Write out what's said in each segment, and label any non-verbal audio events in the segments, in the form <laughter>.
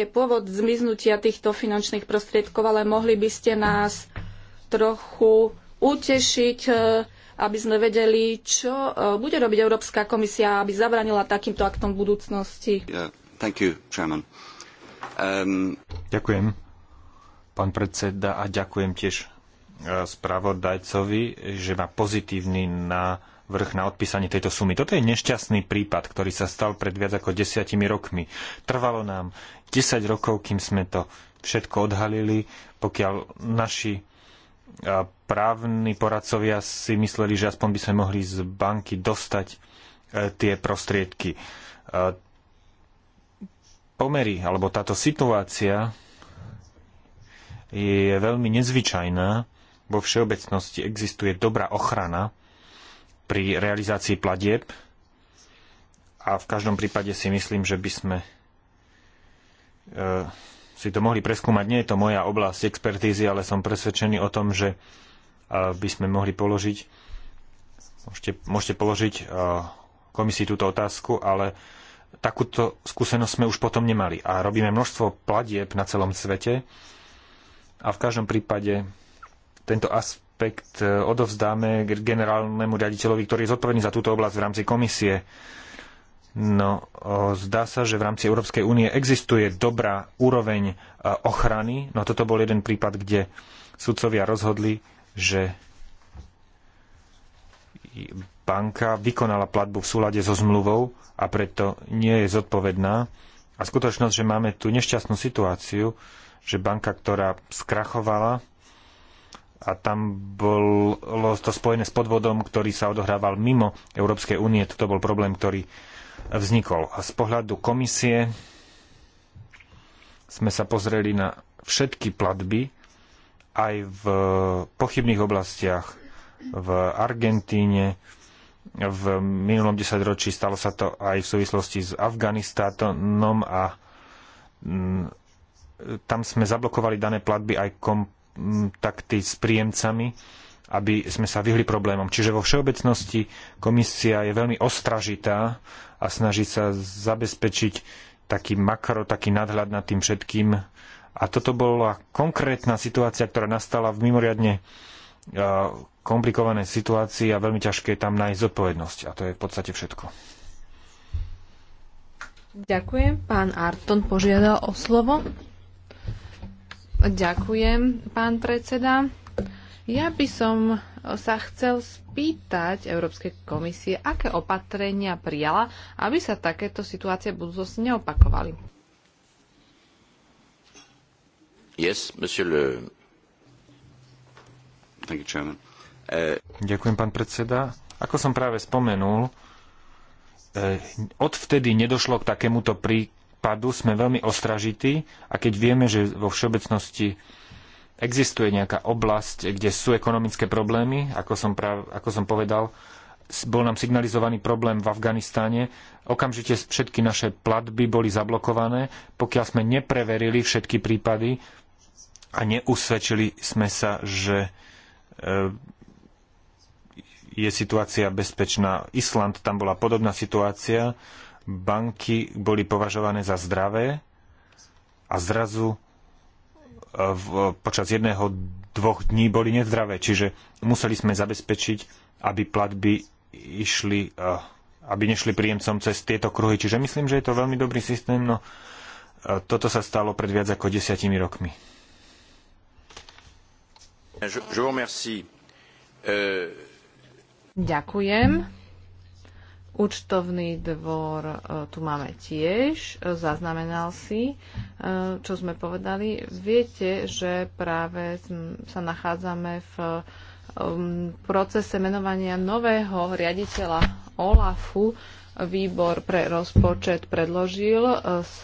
je pôvod zmiznutia týchto finančných prostriedkov, ale mohli by ste nás trochu utešiť, e, aby sme vedeli, čo e, bude robiť Európska komisia, aby zabranila takýmto aktom v budúcnosti. you, um... Ďakujem, pán predseda, a ďakujem tiež e, spravodajcovi, že má pozitívny na vrch na odpísanie tejto sumy. Toto je nešťastný prípad, ktorý sa stal pred viac ako desiatimi rokmi. Trvalo nám 10 rokov, kým sme to všetko odhalili, pokiaľ naši právni poradcovia si mysleli, že aspoň by sme mohli z banky dostať e, tie prostriedky. E, pomery, alebo táto situácia je veľmi nezvyčajná. Vo všeobecnosti existuje dobrá ochrana pri realizácii platieb. A v každom prípade si myslím, že by sme e, si to mohli preskúmať. Nie je to moja oblasť expertízy, ale som presvedčený o tom, že e, by sme mohli položiť, môžete, môžete položiť e, komisii túto otázku, ale takúto skúsenosť sme už potom nemali. A robíme množstvo platieb na celom svete a v každom prípade tento aspekt aspekt e, odovzdáme generálnemu riaditeľovi, ktorý je zodpovedný za túto oblasť v rámci komisie. No, zdá sa, že v rámci Európskej únie existuje dobrá úroveň e, ochrany. No toto bol jeden prípad, kde sudcovia rozhodli, že banka vykonala platbu v súlade so zmluvou a preto nie je zodpovedná. A skutočnosť, že máme tu nešťastnú situáciu, že banka, ktorá skrachovala, a tam bolo to spojené s podvodom, ktorý sa odohrával mimo Európskej únie. Toto bol problém, ktorý vznikol. A z pohľadu komisie sme sa pozreli na všetky platby aj v pochybných oblastiach v Argentíne. V minulom desaťročí stalo sa to aj v súvislosti s Afganistánom a mm, tam sme zablokovali dané platby aj kontakty s príjemcami, aby sme sa vyhli problémom. Čiže vo všeobecnosti komisia je veľmi ostražitá a snaží sa zabezpečiť taký makro, taký nadhľad nad tým všetkým. A toto bola konkrétna situácia, ktorá nastala v mimoriadne e, komplikovanej situácii a veľmi ťažké je tam nájsť zodpovednosť. A to je v podstate všetko. Ďakujem. Pán Arton požiadal o slovo. Ďakujem, pán predseda. Ja by som sa chcel spýtať Európskej komisie, aké opatrenia prijala, aby sa takéto situácie v budúcnosti neopakovali. Yes, monsieur le... Thank you, chairman. Uh... Ďakujem, pán predseda. Ako som práve spomenul, eh, odvtedy nedošlo k takémuto príkladu padu sme veľmi ostražití a keď vieme, že vo všeobecnosti existuje nejaká oblasť, kde sú ekonomické problémy, ako som, práv, ako som povedal, bol nám signalizovaný problém v Afganistáne, okamžite všetky naše platby boli zablokované, pokiaľ sme nepreverili všetky prípady a neusvedčili sme sa, že e, je situácia bezpečná. Island, tam bola podobná situácia banky boli považované za zdravé a zrazu e, v, počas jedného, dvoch dní boli nezdravé. Čiže museli sme zabezpečiť, aby platby išli, e, aby nešli príjemcom cez tieto kruhy. Čiže myslím, že je to veľmi dobrý systém, no e, toto sa stalo pred viac ako desiatimi rokmi. Je, je vous remercie. Euh, Ďakujem. Účtovný dvor e, tu máme tiež, e, zaznamenal si, e, čo sme povedali. Viete, že práve sa nachádzame v um, procese menovania nového riaditeľa OLAFu. Výbor pre rozpočet predložil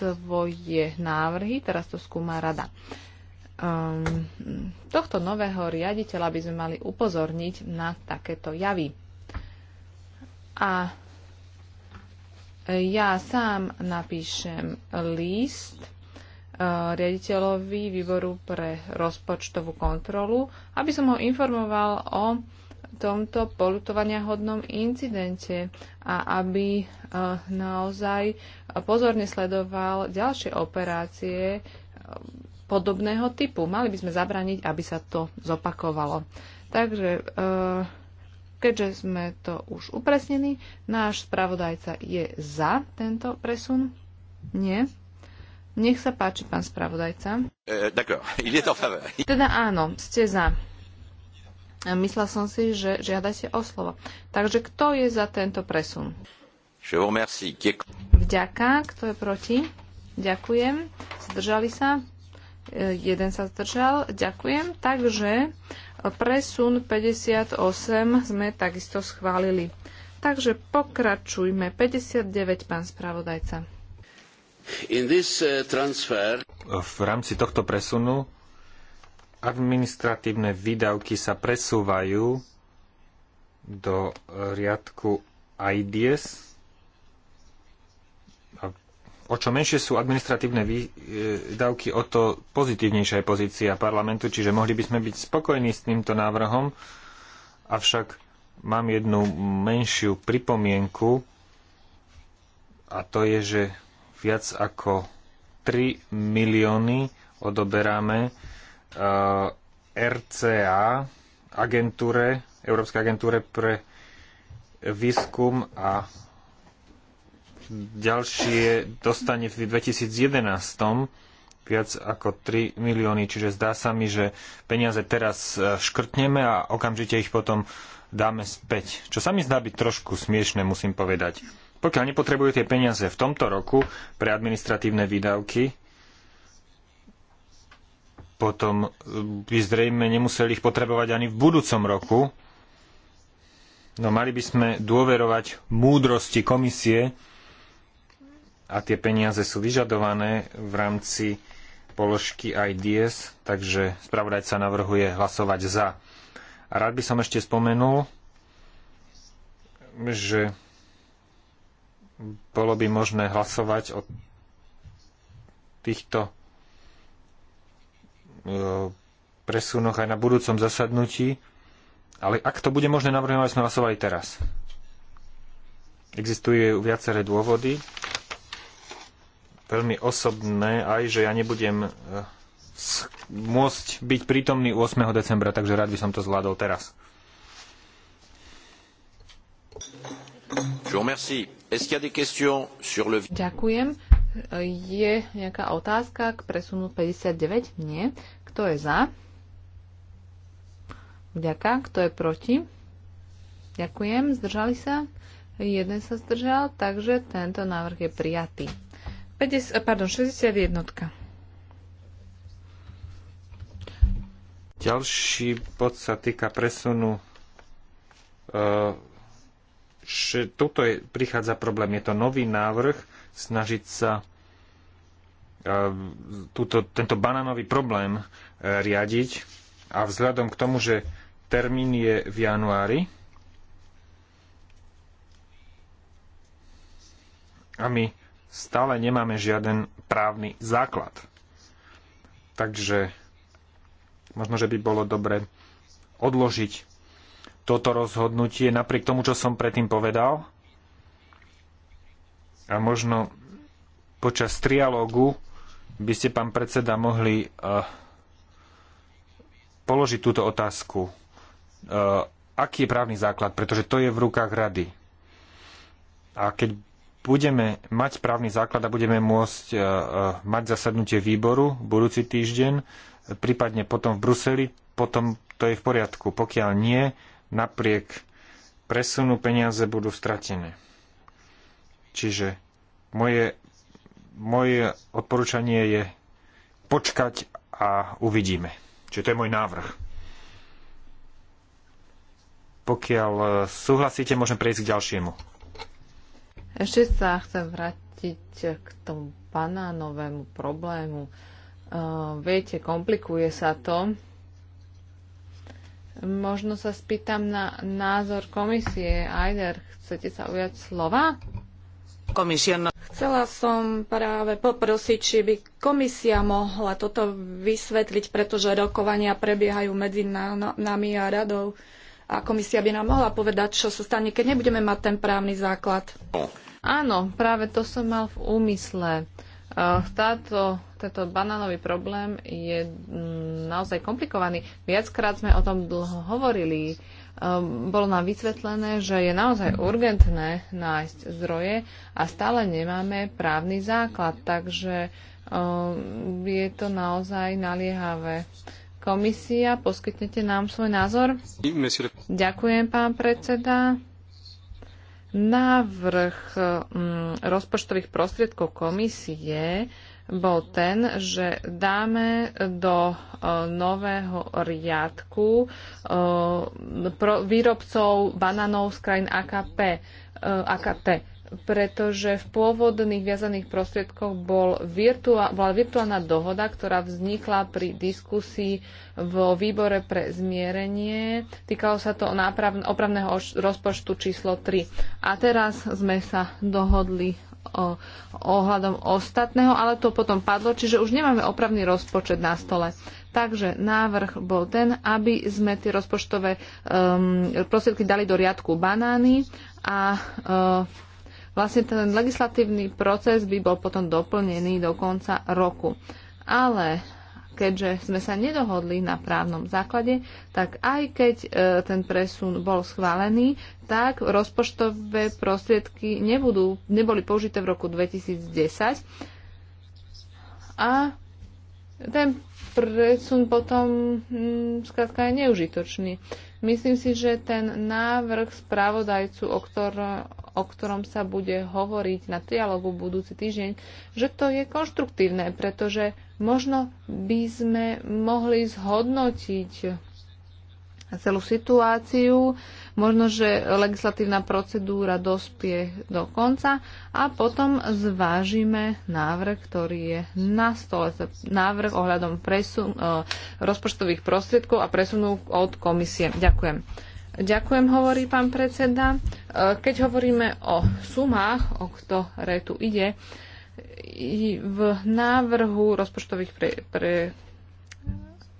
svoje návrhy, teraz to skúma rada. Um, tohto nového riaditeľa by sme mali upozorniť na takéto javy. A ja sám napíšem list eh, riaditeľovi výboru pre rozpočtovú kontrolu, aby som ho informoval o tomto polutovania hodnom incidente a aby eh, naozaj pozorne sledoval ďalšie operácie eh, podobného typu. Mali by sme zabraniť, aby sa to zopakovalo. Takže Keďže sme to už upresnili, náš spravodajca je za tento presun? Nie. Nech sa páči, pán spravodajca. E, <laughs> <laughs> teda áno, ste za. Myslel som si, že žiadate o slovo. Takže kto je za tento presun? Vďaka. Kto je proti? Ďakujem. Zdržali sa? E, jeden sa zdržal. Ďakujem. Takže Presun 58 sme takisto schválili. Takže pokračujme. 59, pán spravodajca. This, eh, transfer... V rámci tohto presunu administratívne výdavky sa presúvajú do riadku IDS o čo menšie sú administratívne výdavky, e, o to pozitívnejšia je pozícia parlamentu, čiže mohli by sme byť spokojní s týmto návrhom, avšak mám jednu menšiu pripomienku a to je, že viac ako 3 milióny odoberáme e, RCA, agentúre, Európskej agentúre pre výskum a ďalšie dostane v 2011 viac ako 3 milióny, čiže zdá sa mi, že peniaze teraz e, škrtneme a okamžite ich potom dáme späť. Čo sa mi zdá byť trošku smiešne, musím povedať. Pokiaľ nepotrebujú tie peniaze v tomto roku pre administratívne výdavky, potom e, by zrejme nemuseli ich potrebovať ani v budúcom roku. No mali by sme dôverovať múdrosti komisie, a tie peniaze sú vyžadované v rámci položky IDS, takže spravodajca navrhuje hlasovať za. A rád by som ešte spomenul, že bolo by možné hlasovať o týchto e, presunoch aj na budúcom zasadnutí, ale ak to bude možné, navrhujem, aby sme hlasovali teraz. Existujú viaceré dôvody, veľmi osobné aj, že ja nebudem e, môcť byť prítomný 8. decembra, takže rád by som to zvládol teraz. Ďakujem. Je nejaká otázka k presunu 59? Nie. Kto je za? Ďaká, Kto je proti? Ďakujem. Zdržali sa? Jeden sa zdržal, takže tento návrh je prijatý. 50, eh, pardon, 61. Ďalší bod sa týka presunu. Eh, tuto prichádza problém. Je to nový návrh snažiť sa eh, túto, tento banánový problém riadiť. A vzhľadom k tomu, že termín je v januári, a my stále nemáme žiaden právny základ. Takže možno, že by bolo dobre odložiť toto rozhodnutie napriek tomu, čo som predtým povedal. A možno počas trialógu by ste, pán predseda, mohli uh, položiť túto otázku. Uh, aký je právny základ? Pretože to je v rukách rady. A keď budeme mať správny základ a budeme môcť e, e, mať zasadnutie výboru budúci týždeň, prípadne potom v Bruseli, potom to je v poriadku. Pokiaľ nie, napriek presunu peniaze budú stratené. Čiže moje, moje odporúčanie je počkať a uvidíme. Čiže to je môj návrh. Pokiaľ e, súhlasíte, môžem prejsť k ďalšiemu. Ešte sa chcem vrátiť k tomu banánovému problému. Uh, viete, komplikuje sa to. Možno sa spýtam na názor komisie. Ajder, chcete sa ujať slova? Komisiona. No. Chcela som práve poprosiť, či by komisia mohla toto vysvetliť, pretože rokovania prebiehajú medzi nami a radou a komisia by nám mohla povedať, čo sa stane, keď nebudeme mať ten právny základ. Áno, práve to som mal v úmysle. E, táto, tento banánový problém je mm, naozaj komplikovaný. Viackrát sme o tom dlho hovorili. E, bolo nám vysvetlené, že je naozaj urgentné nájsť zdroje a stále nemáme právny základ, takže e, je to naozaj naliehavé. Komisia, poskytnete nám svoj názor? Ďakujem, pán predseda. Návrh mm, rozpočtových prostriedkov komisie bol ten, že dáme do e, nového riadku e, výrobcov bananov z krajín AKP, e, AKT pretože v pôvodných viazaných prostriedkoch bol virtuál, bola virtuálna dohoda, ktorá vznikla pri diskusii vo výbore pre zmierenie. Týkalo sa to náprav- opravného rozpočtu číslo 3. A teraz sme sa dohodli o, ohľadom ostatného, ale to potom padlo, čiže už nemáme opravný rozpočet na stole. Takže návrh bol ten, aby sme tie rozpočtové um, prostriedky dali do riadku banány a uh, vlastne ten legislatívny proces by bol potom doplnený do konca roku. Ale keďže sme sa nedohodli na právnom základe, tak aj keď e, ten presun bol schválený, tak rozpočtové prostriedky nebudú, neboli použité v roku 2010 a ten presun potom mm, skrátka je neužitočný. Myslím si, že ten návrh správodajcu, o, ktor- o ktorom sa bude hovoriť na trialogu budúci týždeň, že to je konštruktívne, pretože možno by sme mohli zhodnotiť celú situáciu, možno, že legislatívna procedúra dospie do konca a potom zvážime návrh, ktorý je na stole, návrh ohľadom presun, e, rozpočtových prostriedkov a presunú od komisie. Ďakujem. Ďakujem, hovorí pán predseda. E, keď hovoríme o sumách, o ktoré tu ide, v návrhu rozpočtových pre, pre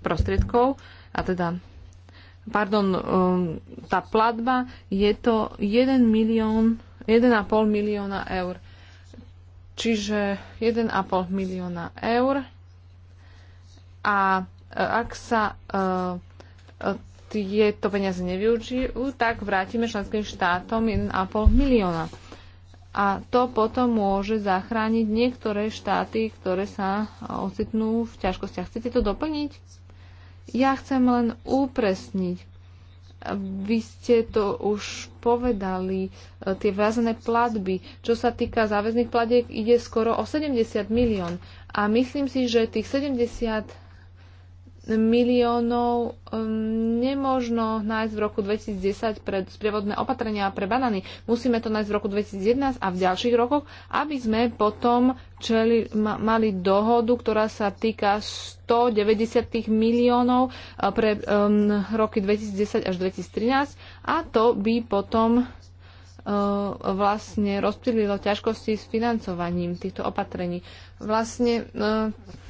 prostriedkov, a teda, pardon, e, tá platba je to 1 milión, 1,5 milióna eur. Čiže 1,5 milióna eur. A e, ak sa tieto peniaze nevyužijú, tak vrátime členským štátom 1,5 milióna. A to potom môže zachrániť niektoré štáty, ktoré sa ocitnú v ťažkostiach. Chcete to doplniť? Ja chcem len upresniť. Vy ste to už povedali, tie vrazené platby. Čo sa týka záväzných platiek, ide skoro o 70 milión. A myslím si, že tých 70 miliónov um, nemožno nájsť v roku 2010 pre sprievodné opatrenia pre banany. Musíme to nájsť v roku 2011 a v ďalších rokoch, aby sme potom čeli, ma, mali dohodu, ktorá sa týka 190 miliónov uh, pre um, roky 2010 až 2013 a to by potom uh, vlastne rozptýlilo ťažkosti s financovaním týchto opatrení. Vlastne uh,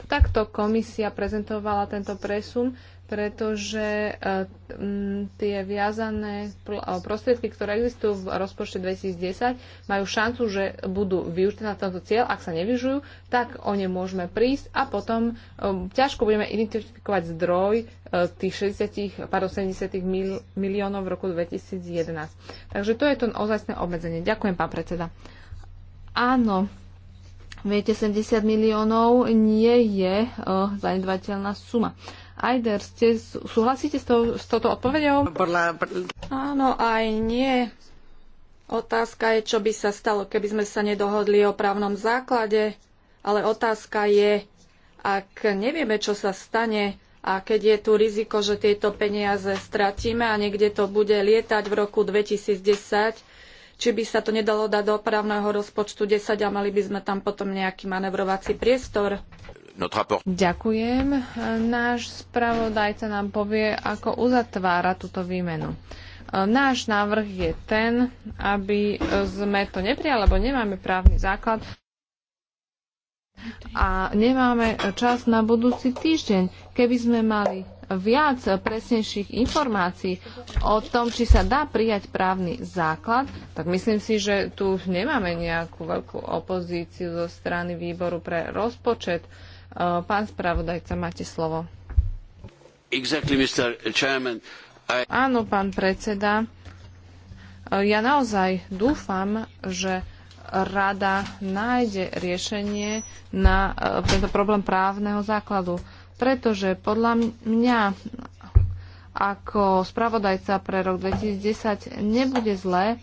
Takto komisia prezentovala tento presun, pretože eh, tie viazané eh, prostriedky, ktoré existujú v rozpočte 2010, majú šancu, že budú využité na tento cieľ. Ak sa nevyžujú, tak o ne môžeme prísť a potom eh, ťažko budeme identifikovať zdroj tých 60, pardon, 70 mil, miliónov v roku 2011. Takže to je to ozajstné obmedzenie. Ďakujem, pán predseda. Áno, Viete, 70 miliónov nie je uh, zanedbateľná suma. Ajder, ste, súhlasíte s, to, s touto odpovedou? Áno, aj nie. Otázka je, čo by sa stalo, keby sme sa nedohodli o právnom základe, ale otázka je, ak nevieme, čo sa stane a keď je tu riziko, že tieto peniaze stratíme a niekde to bude lietať v roku 2010, či by sa to nedalo dať do opravného rozpočtu 10 a mali by sme tam potom nejaký manevrovací priestor. Ďakujem. Náš spravodajca nám povie, ako uzatvára túto výmenu. E, náš návrh je ten, aby sme to neprijali, lebo nemáme právny základ a nemáme čas na budúci týždeň. Keby sme mali viac presnejších informácií o tom, či sa dá prijať právny základ, tak myslím si, že tu nemáme nejakú veľkú opozíciu zo strany výboru pre rozpočet. E, pán spravodajca, máte slovo. Exactly, Chairman, I... Áno, pán predseda. E, ja naozaj dúfam, že rada nájde riešenie na e, tento problém právneho základu pretože podľa mňa ako spravodajca pre rok 2010 nebude zlé,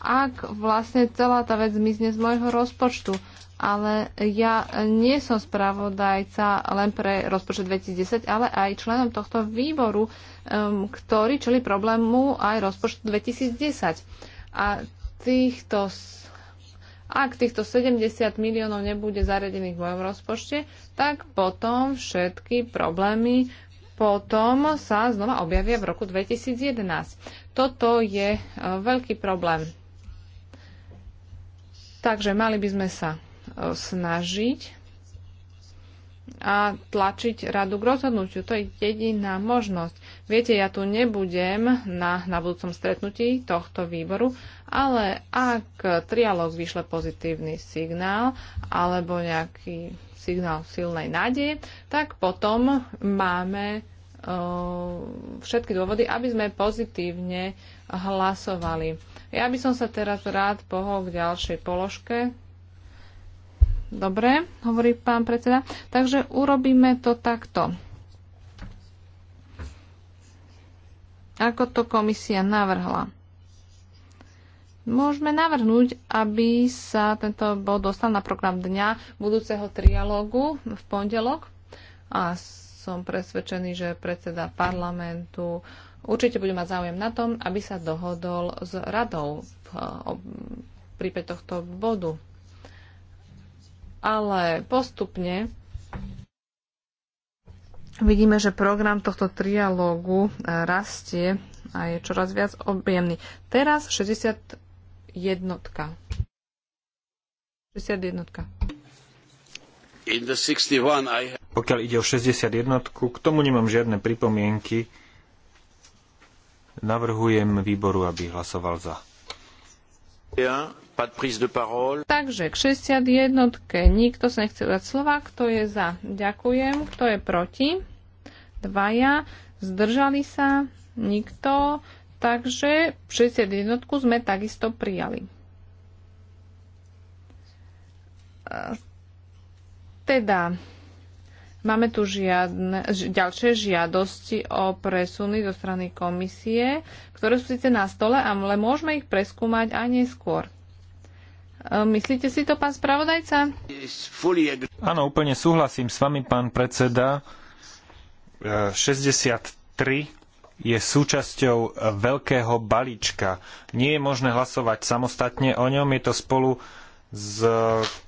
ak vlastne celá tá vec zmizne z môjho rozpočtu. Ale ja nie som spravodajca len pre rozpočet 2010, ale aj členom tohto výboru, um, ktorý čeli problému aj rozpočtu 2010. A týchto ak týchto 70 miliónov nebude zaredených v mojom rozpočte, tak potom všetky problémy potom sa znova objavia v roku 2011. Toto je e, veľký problém. Takže mali by sme sa e, snažiť a tlačiť radu k rozhodnutiu. To je jediná možnosť. Viete, ja tu nebudem na, na budúcom stretnutí tohto výboru, ale ak trialóg vyšle pozitívny signál alebo nejaký signál silnej nádeje, tak potom máme všetky dôvody, aby sme pozitívne hlasovali. Ja by som sa teraz rád pohol k ďalšej položke. Dobre, hovorí pán predseda. Takže urobíme to takto. ako to komisia navrhla. Môžeme navrhnúť, aby sa tento bod dostal na program dňa budúceho trialógu v pondelok a som presvedčený, že predseda parlamentu určite bude mať záujem na tom, aby sa dohodol s radou v, prípade tohto bodu. Ale postupne Vidíme, že program tohto trialógu e, rastie a je čoraz viac objemný. Teraz 60 jednotka. jednotka. Pokiaľ ide o 61, jednotku, k tomu nemám žiadne pripomienky. Navrhujem výboru, aby hlasoval za. Takže k 61. Nikto sa nechce dať slova. Kto je za? Ďakujem. Kto je proti? Dvaja. Zdržali sa? Nikto. Takže 61. sme takisto prijali. Teda Máme tu žiadne, ďalšie žiadosti o presuny zo strany komisie, ktoré sú síce na stole, ale môžeme ich preskúmať aj neskôr. E, myslíte si to, pán spravodajca? Áno, úplne súhlasím s vami, pán predseda. 63 e, je súčasťou veľkého balíčka. Nie je možné hlasovať samostatne o ňom, je to spolu s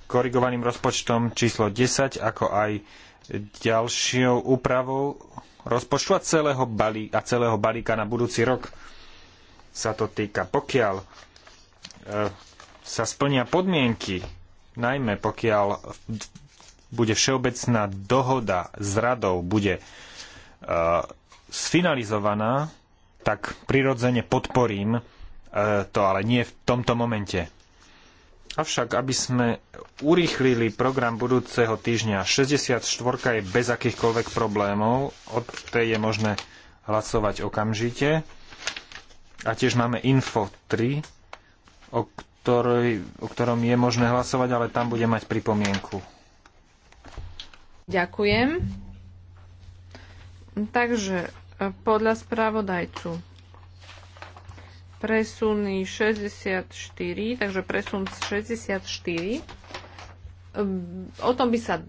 korigovaným rozpočtom číslo 10, ako aj ďalšou úpravou rozpočtu a celého, balí, a celého balíka na budúci rok sa to týka. Pokiaľ e, sa splnia podmienky, najmä pokiaľ bude všeobecná dohoda s radou, bude e, sfinalizovaná, tak prirodzene podporím e, to, ale nie v tomto momente. Avšak, aby sme urýchlili program budúceho týždňa, 64 je bez akýchkoľvek problémov, od tej je možné hlasovať okamžite. A tiež máme Info 3, o, ktorý, o ktorom je možné hlasovať, ale tam bude mať pripomienku. Ďakujem. Takže eh, podľa spravodajcu presuny 64, takže presun 64. Ehm, o tom by sa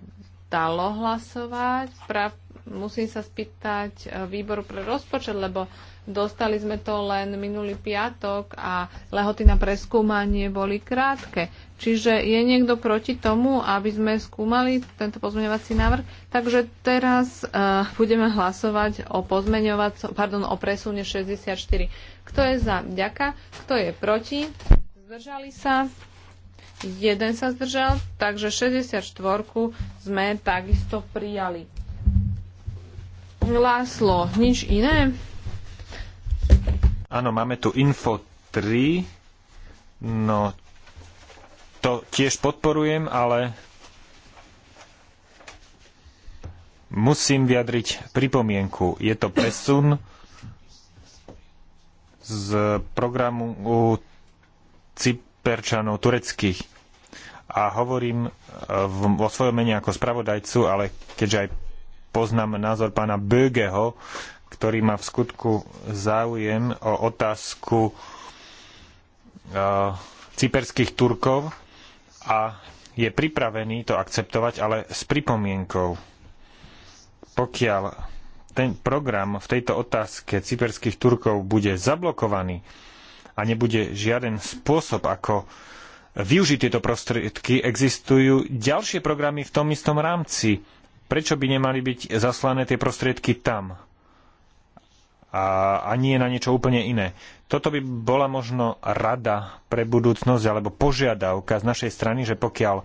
dalo hlasovať. Prav, musím sa spýtať e, výboru pre rozpočet, lebo dostali sme to len minulý piatok a lehoty na preskúmanie boli krátke. Čiže je niekto proti tomu, aby sme skúmali tento pozmeňovací návrh? Takže teraz uh, budeme hlasovať o, pardon, o presune 64. Kto je za? Ďaka. Kto je proti? Zdržali sa? Jeden sa zdržal, takže 64 sme takisto prijali. Láslo, nič iné? Áno, máme tu info 3. No, to tiež podporujem, ale musím vyjadriť pripomienku. Je to presun z programu Cyperčanov tureckých. A hovorím e, vo svojom mene ako spravodajcu, ale keďže aj poznám názor pána Bögeho, ktorý má v skutku záujem o otázku e, cyperských Turkov a je pripravený to akceptovať, ale s pripomienkou. Pokiaľ ten program v tejto otázke cyperských Turkov bude zablokovaný a nebude žiaden spôsob, ako využiť tieto prostriedky, existujú ďalšie programy v tom istom rámci. Prečo by nemali byť zaslané tie prostriedky tam? A, a nie na niečo úplne iné. Toto by bola možno rada pre budúcnosť alebo požiadavka z našej strany, že pokiaľ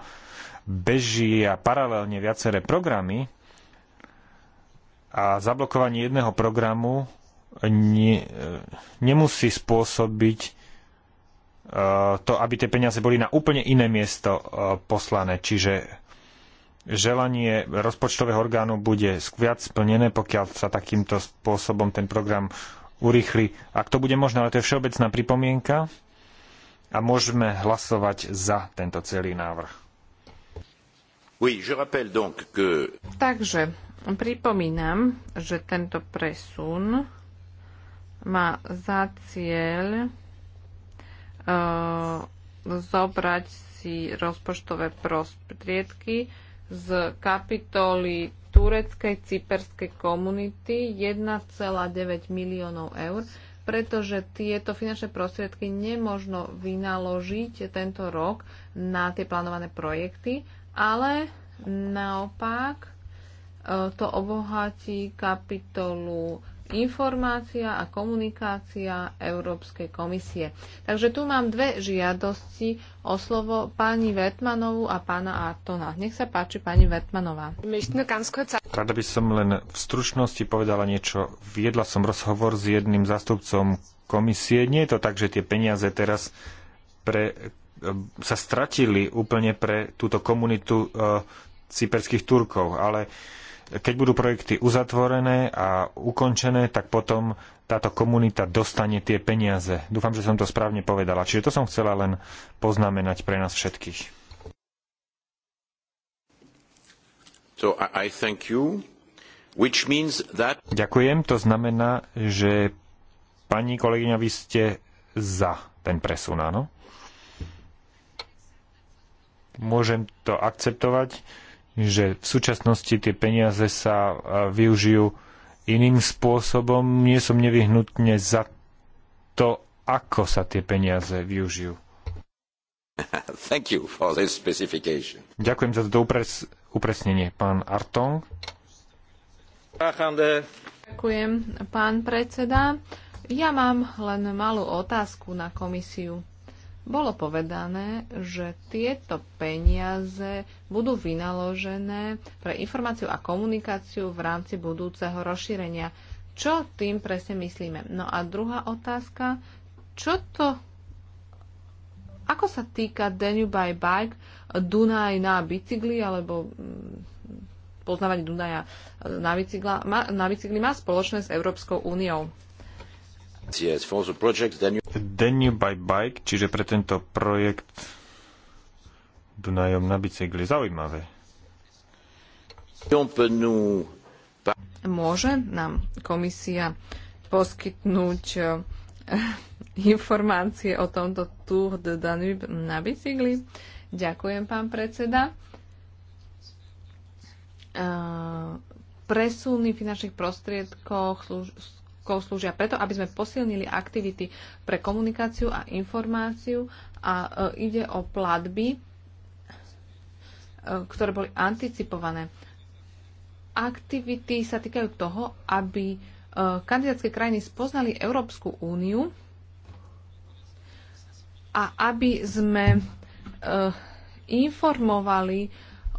bežia paralelne viaceré programy, a zablokovanie jedného programu nie, e, nemusí spôsobiť e, to, aby tie peniaze boli na úplne iné miesto e, poslané. Čiže želanie rozpočtového orgánu bude viac splnené, pokiaľ sa takýmto spôsobom ten program urýchli. Ak to bude možné, ale to je všeobecná pripomienka a môžeme hlasovať za tento celý návrh. Oui, je donc que... Takže Pripomínam, že tento presun má za cieľ e, zobrať si rozpočtové prostriedky z kapitoly tureckej cyperskej komunity 1,9 miliónov eur, pretože tieto finančné prostriedky nemôžno vynaložiť tento rok na tie plánované projekty, ale naopak Eh, to obohatí kapitolu informácia a komunikácia Európskej komisie. Takže tu mám dve žiadosti o slovo pani Vetmanovú a pána Artona. Nech sa páči, pani Vetmanová. Rada by som len v stručnosti povedala niečo. Viedla som rozhovor s jedným zástupcom komisie. Nie je to tak, že tie peniaze teraz pre, eh, sa stratili úplne pre túto komunitu e, cyperských Turkov, ale keď budú projekty uzatvorené a ukončené, tak potom táto komunita dostane tie peniaze. Dúfam, že som to správne povedala. Čiže to som chcela len poznamenať pre nás všetkých. So I thank you, which means that... Ďakujem, to znamená, že pani kolegyňa, vy ste za ten presun, áno? Môžem to akceptovať že v súčasnosti tie peniaze sa e, využijú iným spôsobom. Nie som nevyhnutne za to, ako sa tie peniaze využijú. <laughs> Ďakujem za toto upres- upresnenie, pán Artong. Ďakujem, pán predseda. Ja mám len malú otázku na komisiu bolo povedané, že tieto peniaze budú vynaložené pre informáciu a komunikáciu v rámci budúceho rozšírenia. Čo tým presne myslíme? No a druhá otázka, čo to, ako sa týka Denu by Bike, Dunaj na bicykli alebo mm, poznávanie Dunaja na, bicykla, na bicykli má spoločné s Európskou úniou? Yes, by Bike, čiže pre tento projekt Dunajom na bicykli. Zaujímavé. Môže nám komisia poskytnúť eh, <laughs> informácie o tomto Tour de Danube na bicykli? Ďakujem, pán predseda. Eh, presuny finančných prostriedkov rokov slúžia preto, aby sme posilnili aktivity pre komunikáciu a informáciu a e, ide o platby, e, ktoré boli anticipované. Aktivity sa týkajú toho, aby e, kandidátske krajiny spoznali Európsku úniu a aby sme e, informovali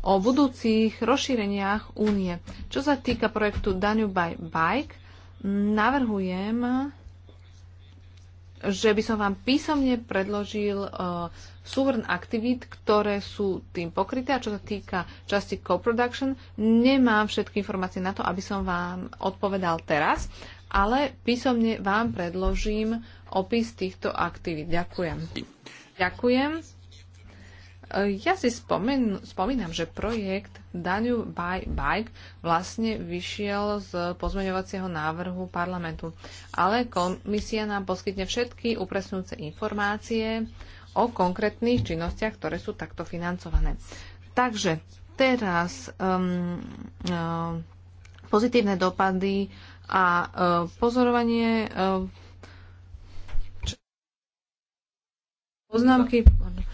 o budúcich rozšíreniach únie. Čo sa týka projektu Danube by Bike, navrhujem, že by som vám písomne predložil uh, aktivít, ktoré sú tým pokryté. A čo sa týka časti co-production, nemám všetky informácie na to, aby som vám odpovedal teraz, ale písomne vám predložím opis týchto aktivít. Ďakujem. Ďakujem. Ja si spomen, spomínam, že projekt Daniu by Bike vlastne vyšiel z pozmeňovacieho návrhu parlamentu, ale komisia nám poskytne všetky upresňujúce informácie o konkrétnych činnostiach, ktoré sú takto financované. Takže teraz um, um pozitívne dopady a uh, pozorovanie uh, poznámky. Pardon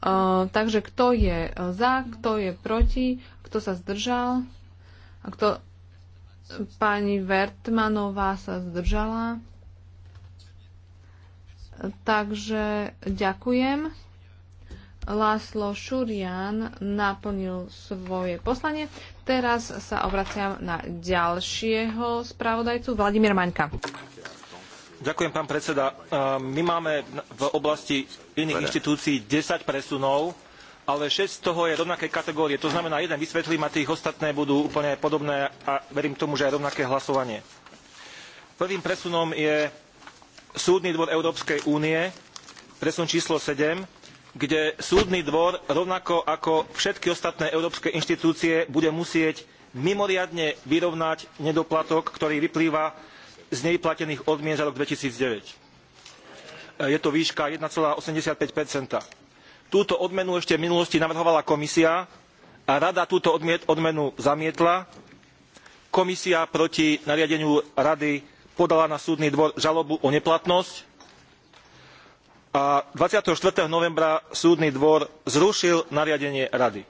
E, takže kto je e, za, kto je proti, kto sa zdržal a kto... Pani Vertmanová sa zdržala. Takže ďakujem. Láslo Šurian naplnil svoje poslanie. Teraz sa obraciam na ďalšieho spravodajcu, Vladimír Maňka. Ďakujem, pán predseda. Ehm, my máme v oblasti iných inštitúcií 10 presunov, ale 6 z toho je rovnaké kategórie. To znamená, jeden vysvetlím a tých ostatné budú úplne podobné a verím tomu, že aj rovnaké hlasovanie. Prvým presunom je Súdny dvor Európskej únie, presun číslo 7, kde Súdny dvor rovnako ako všetky ostatné európske inštitúcie bude musieť mimoriadne vyrovnať nedoplatok, ktorý vyplýva z nej platených odmien za rok 2009. E, je to výška 1,85 Túto odmenu ešte v minulosti navrhovala komisia a rada túto odmenu zamietla. Komisia proti nariadeniu rady podala na súdny dvor žalobu o neplatnosť a 24. novembra súdny dvor zrušil nariadenie rady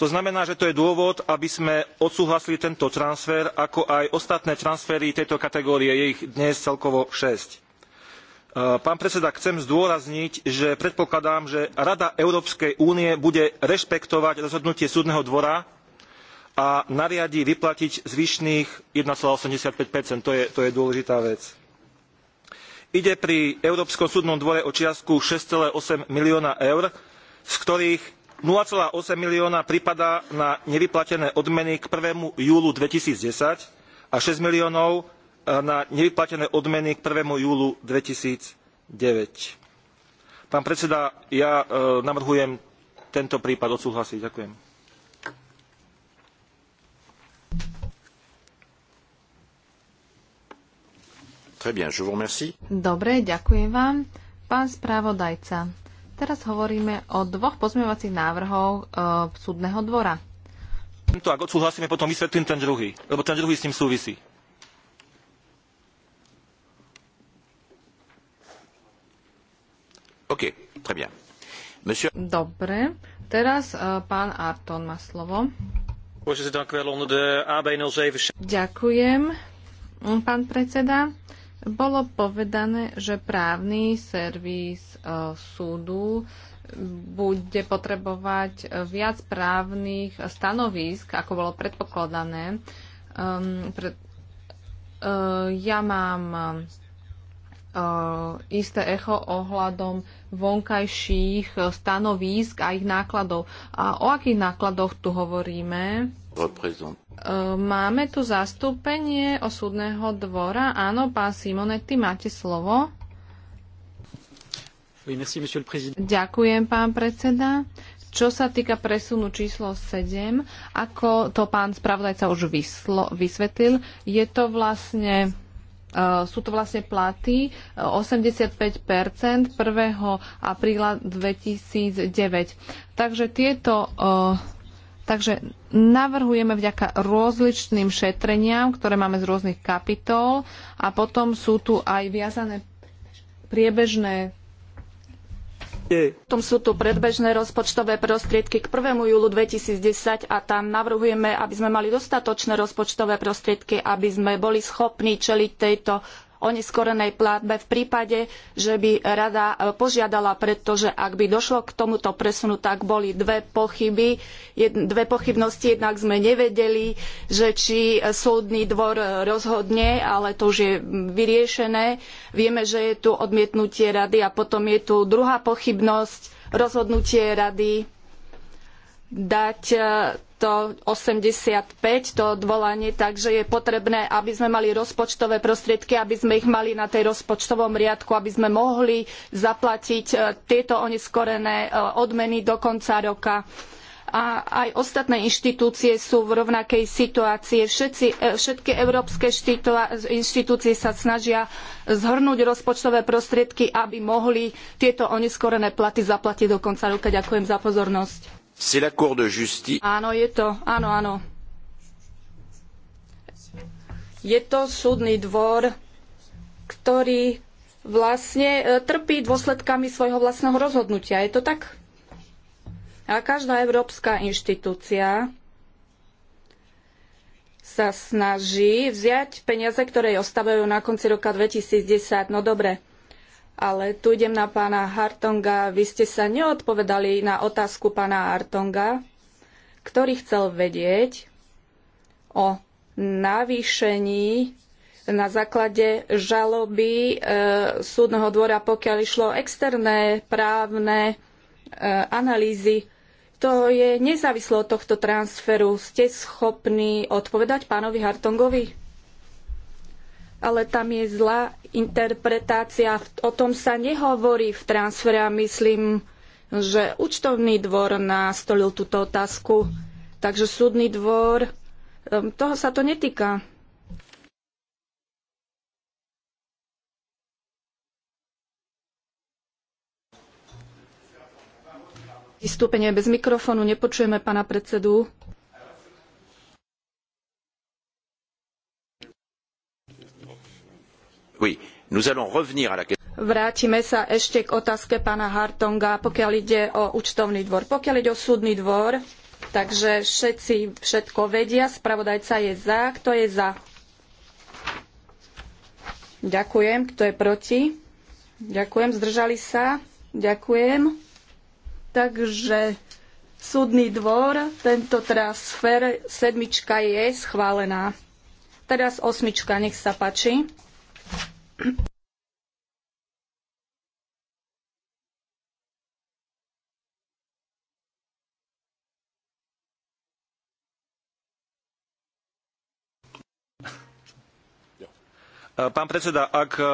to znamená že to je dôvod aby sme odsúhlasili tento transfer ako aj ostatné transfery tejto kategórie je ich dnes celkovo šesť. E, pán predseda chcem zdôrazniť že predpokladám že rada európskej únie bude rešpektovať rozhodnutie súdneho dvora a nariadi vyplatiť zvyšných one eighty five to je, to je dôležitá vec. ide pri európskom súdnom dvore o čiastku six eight milióna eur z ktorých 0,8 milióna pripadá na nevyplatené odmeny k prvému júlu 2010 a 6 miliónov e, na nevyplatené odmeny k 1. júlu 2009. Pán predseda, ja e, navrhujem tento prípad odsúhlasiť. Ďakujem. Dobre, ďakujem vám. Pán spravodajca, Teraz hovoríme o dvoch pozmeňovacích návrhov e, súdneho dvora. To, ak odsúhlasíme, potom vysvetlím ten druhý, lebo ten druhý s ním súvisí. OK, très bien. Monsieur... Dobre, teraz e, pán Arton má slovo. Ďakujem, pán predseda. Bolo povedané, že právny servis e, súdu bude potrebovať e, viac právnych stanovísk, ako bolo predpokladané. Ehm, e, ja mám isté echo ohľadom vonkajších stanovísk a ich nákladov. A o akých nákladoch tu hovoríme? E, máme tu zastúpenie osúdneho dvora. Áno, pán Simonetti, máte slovo. Ďakujem, pán predseda. Čo sa týka presunu číslo 7, ako to pán spravodajca už vyslo, vysvetlil, je to vlastne Uh, sú to vlastne platy 85 e, 1. apríla 2009. Takže tieto uh, Takže navrhujeme vďaka rozličným šetreniam, ktoré máme z rôznych kapitol a potom sú tu aj viazané priebežné potom sú tu predbežné rozpočtové prostriedky k 1. júlu 2010 a tam navrhujeme, aby sme mali dostatočné rozpočtové prostriedky, aby sme boli schopní čeliť tejto o neskorenej platbe v prípade, že by rada e, požiadala, pretože ak by došlo k tomuto presunu, tak boli dve pochyby, dve pochybnosti. Jednak sme nevedeli, že či súdny dvor e, rozhodne, ale to už je vyriešené. Vieme, že je tu odmietnutie rady a potom je tu druhá pochybnosť, rozhodnutie rady dať e, 185 to odvolanie, takže je potrebné, aby sme mali rozpočtové prostriedky, aby sme ich mali na tej rozpočtovom riadku, aby sme mohli zaplatiť e, tieto oneskorené e, odmeny do konca roka. A aj ostatné inštitúcie sú v rovnakej situácii. Všetci, e, všetky európske inštitúcie sa snažia zhrnúť rozpočtové prostriedky, aby mohli tieto oneskorené platy zaplatiť do konca roka. Ďakujem za pozornosť c'est la Cour de justice. Áno, je to, áno, áno. Je to súdny dvor, ktorý vlastne e, trpí dôsledkami svojho vlastného rozhodnutia. Je to tak? A každá európska inštitúcia sa snaží vziať peniaze, ktoré ostávajú na konci roka 2010. No dobre, ale tu idem na pána Hartonga. Vy ste sa neodpovedali na otázku pána Hartonga, ktorý chcel vedieť o navýšení na základe žaloby e, súdneho dvora, pokiaľ išlo externé právne e, analýzy. To je nezávislo od tohto transferu. Ste schopní odpovedať pánovi Hartongovi? ale tam je zlá interpretácia. O tom sa nehovorí v transfere a myslím, že účtovný dvor nastolil túto otázku. Takže súdny dvor, ehm, toho sa to netýka. Vystúpenie bez mikrofónu, nepočujeme pána predsedu. Vrátime sa ešte k otázke pána Hartonga, pokiaľ ide o účtovný dvor. Pokiaľ ide o súdny dvor, takže všetci všetko vedia, spravodajca je za, kto je za? Ďakujem, kto je proti? Ďakujem, zdržali sa? Ďakujem. Takže súdny dvor, tento transfer, sedmička je schválená. Teraz osmička, nech sa páči. E, pán predseda ak e,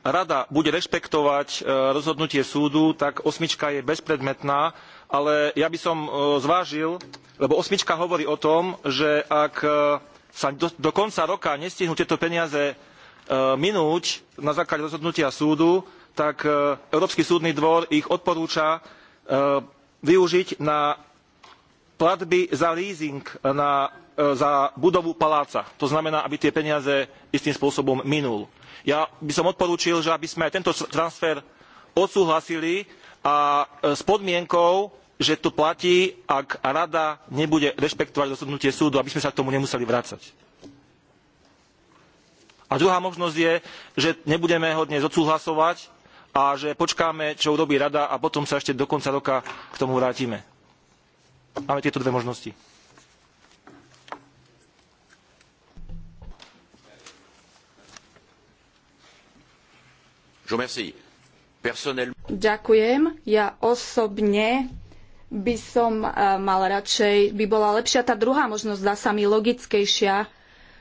rada bude rešpektovať e, rozhodnutie súdu tak osmička je bezpredmetná ale ja by som zvážil lebo osmička hovorí o tom že ak sa do, konca roka nestihnú tieto peniaze minúť na základe rozhodnutia súdu tak európsky súdny dvor ich odporúča využiť na platby za leasing na, e, za budovu paláca. To znamená, aby tie peniaze istým spôsobom minul. Ja by som odporúčil, že aby sme aj tento transfer odsúhlasili a e, s podmienkou, že to platí, ak rada nebude rešpektovať rozhodnutie súdu, aby sme sa k tomu nemuseli vracať. A druhá možnosť je, že nebudeme ho dnes odsúhlasovať a že počkáme, čo urobí rada a potom sa ešte do konca roka k tomu vrátime. Máme tieto dve možnosti. Ďakujem. Ja osobne by som eh, mal radšej, by bola lepšia tá druhá možnosť, dá sa mi logickejšia,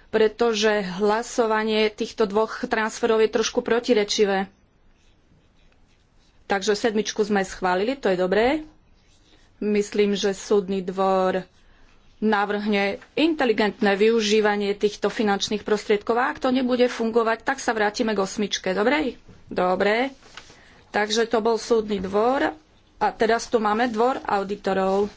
pretože hlasovanie týchto dvoch transferov je trošku protirečivé. Takže sedmičku sme schválili, to je dobré. Myslím, že súdny dvor navrhne inteligentné využívanie týchto finančných prostriedkov. A ak to nebude fungovať, tak sa vrátime k osmičke. Dobre? Dobre. Takže to bol súdny dvor a teraz tu máme dvor auditorov.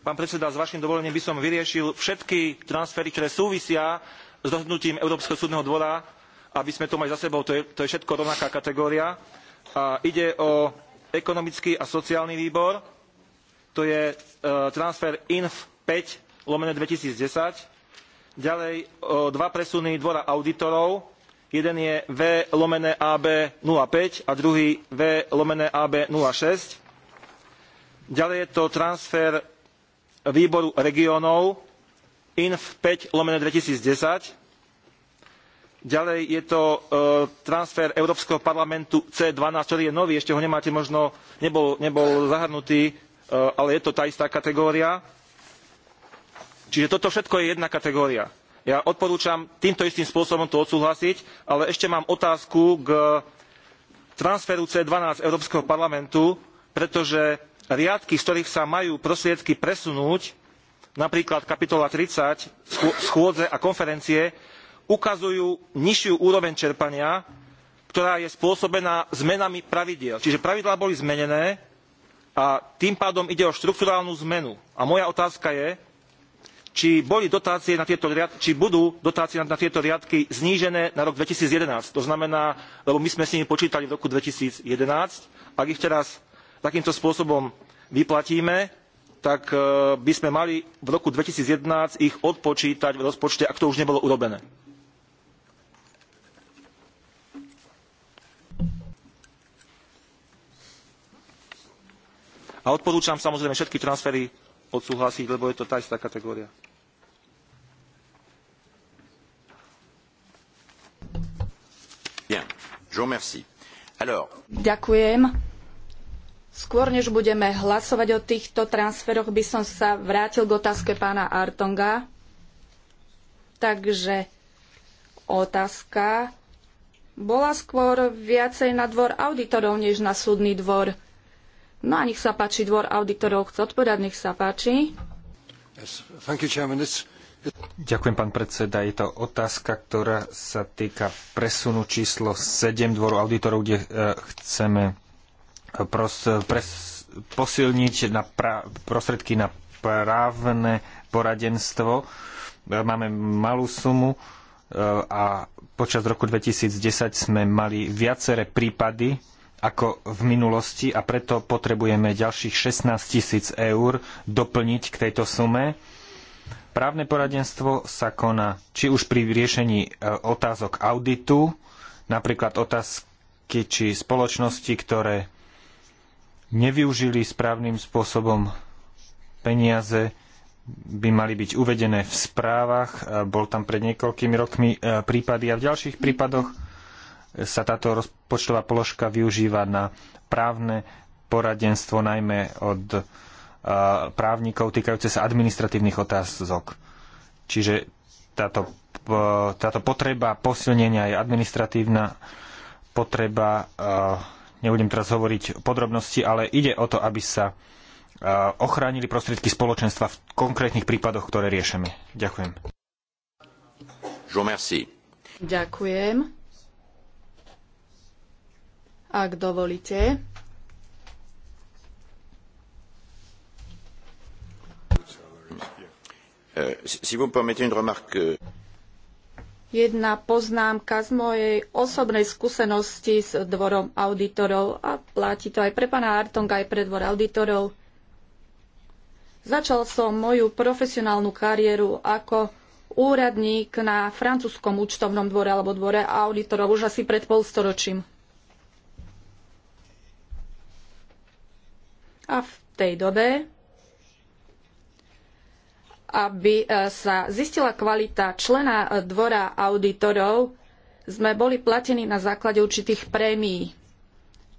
Pán predseda, s vašim dovolením by som vyriešil všetky transfery, ktoré súvisia s rozhodnutím Európskeho súdneho dvora, aby sme to mali za sebou. To je, to je všetko rovnaká kategória. A ide o ekonomický a sociálny výbor, to je e, transfer INF 5 lomene 2010, ďalej e, dva presuny dvora auditorov, jeden je V AB 05 a druhý V AB 06. Ďalej je to transfer výboru regiónov INF 5 lomene 2010, ďalej je to e, transfer Európskeho parlamentu C12, ktorý je nový, ešte ho nemáte možno, nebol, nebol zahrnutý, e, ale je to tá istá kategória. Čiže toto všetko je jedna kategória. Ja odporúčam týmto istým spôsobom to odsúhlasiť, ale ešte mám otázku k transferu C12 Európskeho parlamentu, pretože riadky, z ktorých sa majú prostriedky presunúť, napríklad kapitola 30, schôdze a konferencie, ukazujú nižšiu úroveň čerpania ktorá je spôsobená zmenami pravidiel. Čiže pravidlá boli zmenené a tým pádom ide o štrukturálnu zmenu. A moja otázka je, či, boli dotácie na tieto riad, či budú dotácie na tieto riadky znížené na rok 2011. To znamená, lebo my sme s nimi počítali v roku 2011. Ak ich teraz takýmto spôsobom vyplatíme, tak eh, by sme mali v roku 2011 ich odpočítať v rozpočte, ak to už nebolo urobené. A odporúčam samozrejme všetky transfery odsúhlasiť, lebo je to tá istá kategória. Ďakujem. Skôr než budeme hlasovať o týchto transferoch, by som sa vrátil k otázke pána Artonga. Takže otázka bola skôr viacej na dvor auditorov, než na súdny dvor. No a nech sa páči, dvor auditorov chce odpovedať, nech sa páči. Yes. Thank you, chairman. It's... Ďakujem, pán predseda. Je to otázka, ktorá sa týka presunu číslo 7 dvoru auditorov, kde e, chceme e, pros, e, pres, posilniť na pra, na právne poradenstvo. Máme malú sumu a počas roku 2010 sme mali viaceré prípady ako v minulosti a preto potrebujeme ďalších 16 tisíc eur doplniť k tejto sume. Právne poradenstvo sa koná či už pri riešení e, otázok auditu, napríklad otázky či spoločnosti, ktoré nevyužili správnym spôsobom peniaze, by mali byť uvedené v správach. E, bol tam pred niekoľkými rokmi e, prípady a v ďalších prípadoch sa táto rozpočtová položka využíva na právne poradenstvo, najmä od právnikov týkajúce sa administratívnych otázok. Čiže táto, táto potreba posilnenia je administratívna potreba. Nebudem teraz hovoriť o podrobnosti, ale ide o to, aby sa ochránili prostriedky spoločenstva v konkrétnych prípadoch, ktoré riešime. Ďakujem. Ďakujem ak dovolíte. Eh, euh, Jedna poznámka z mojej osobnej skúsenosti s dvorom auditorov a platí to aj pre pána Artonga, aj pre dvor auditorov. Začal som moju profesionálnu kariéru ako úradník na francúzskom účtovnom dvore alebo dvore auditorov už asi pred polstoročím. a v tej dobe, aby e, sa zistila kvalita člena e, dvora auditorov, sme boli platení na základe určitých prémií,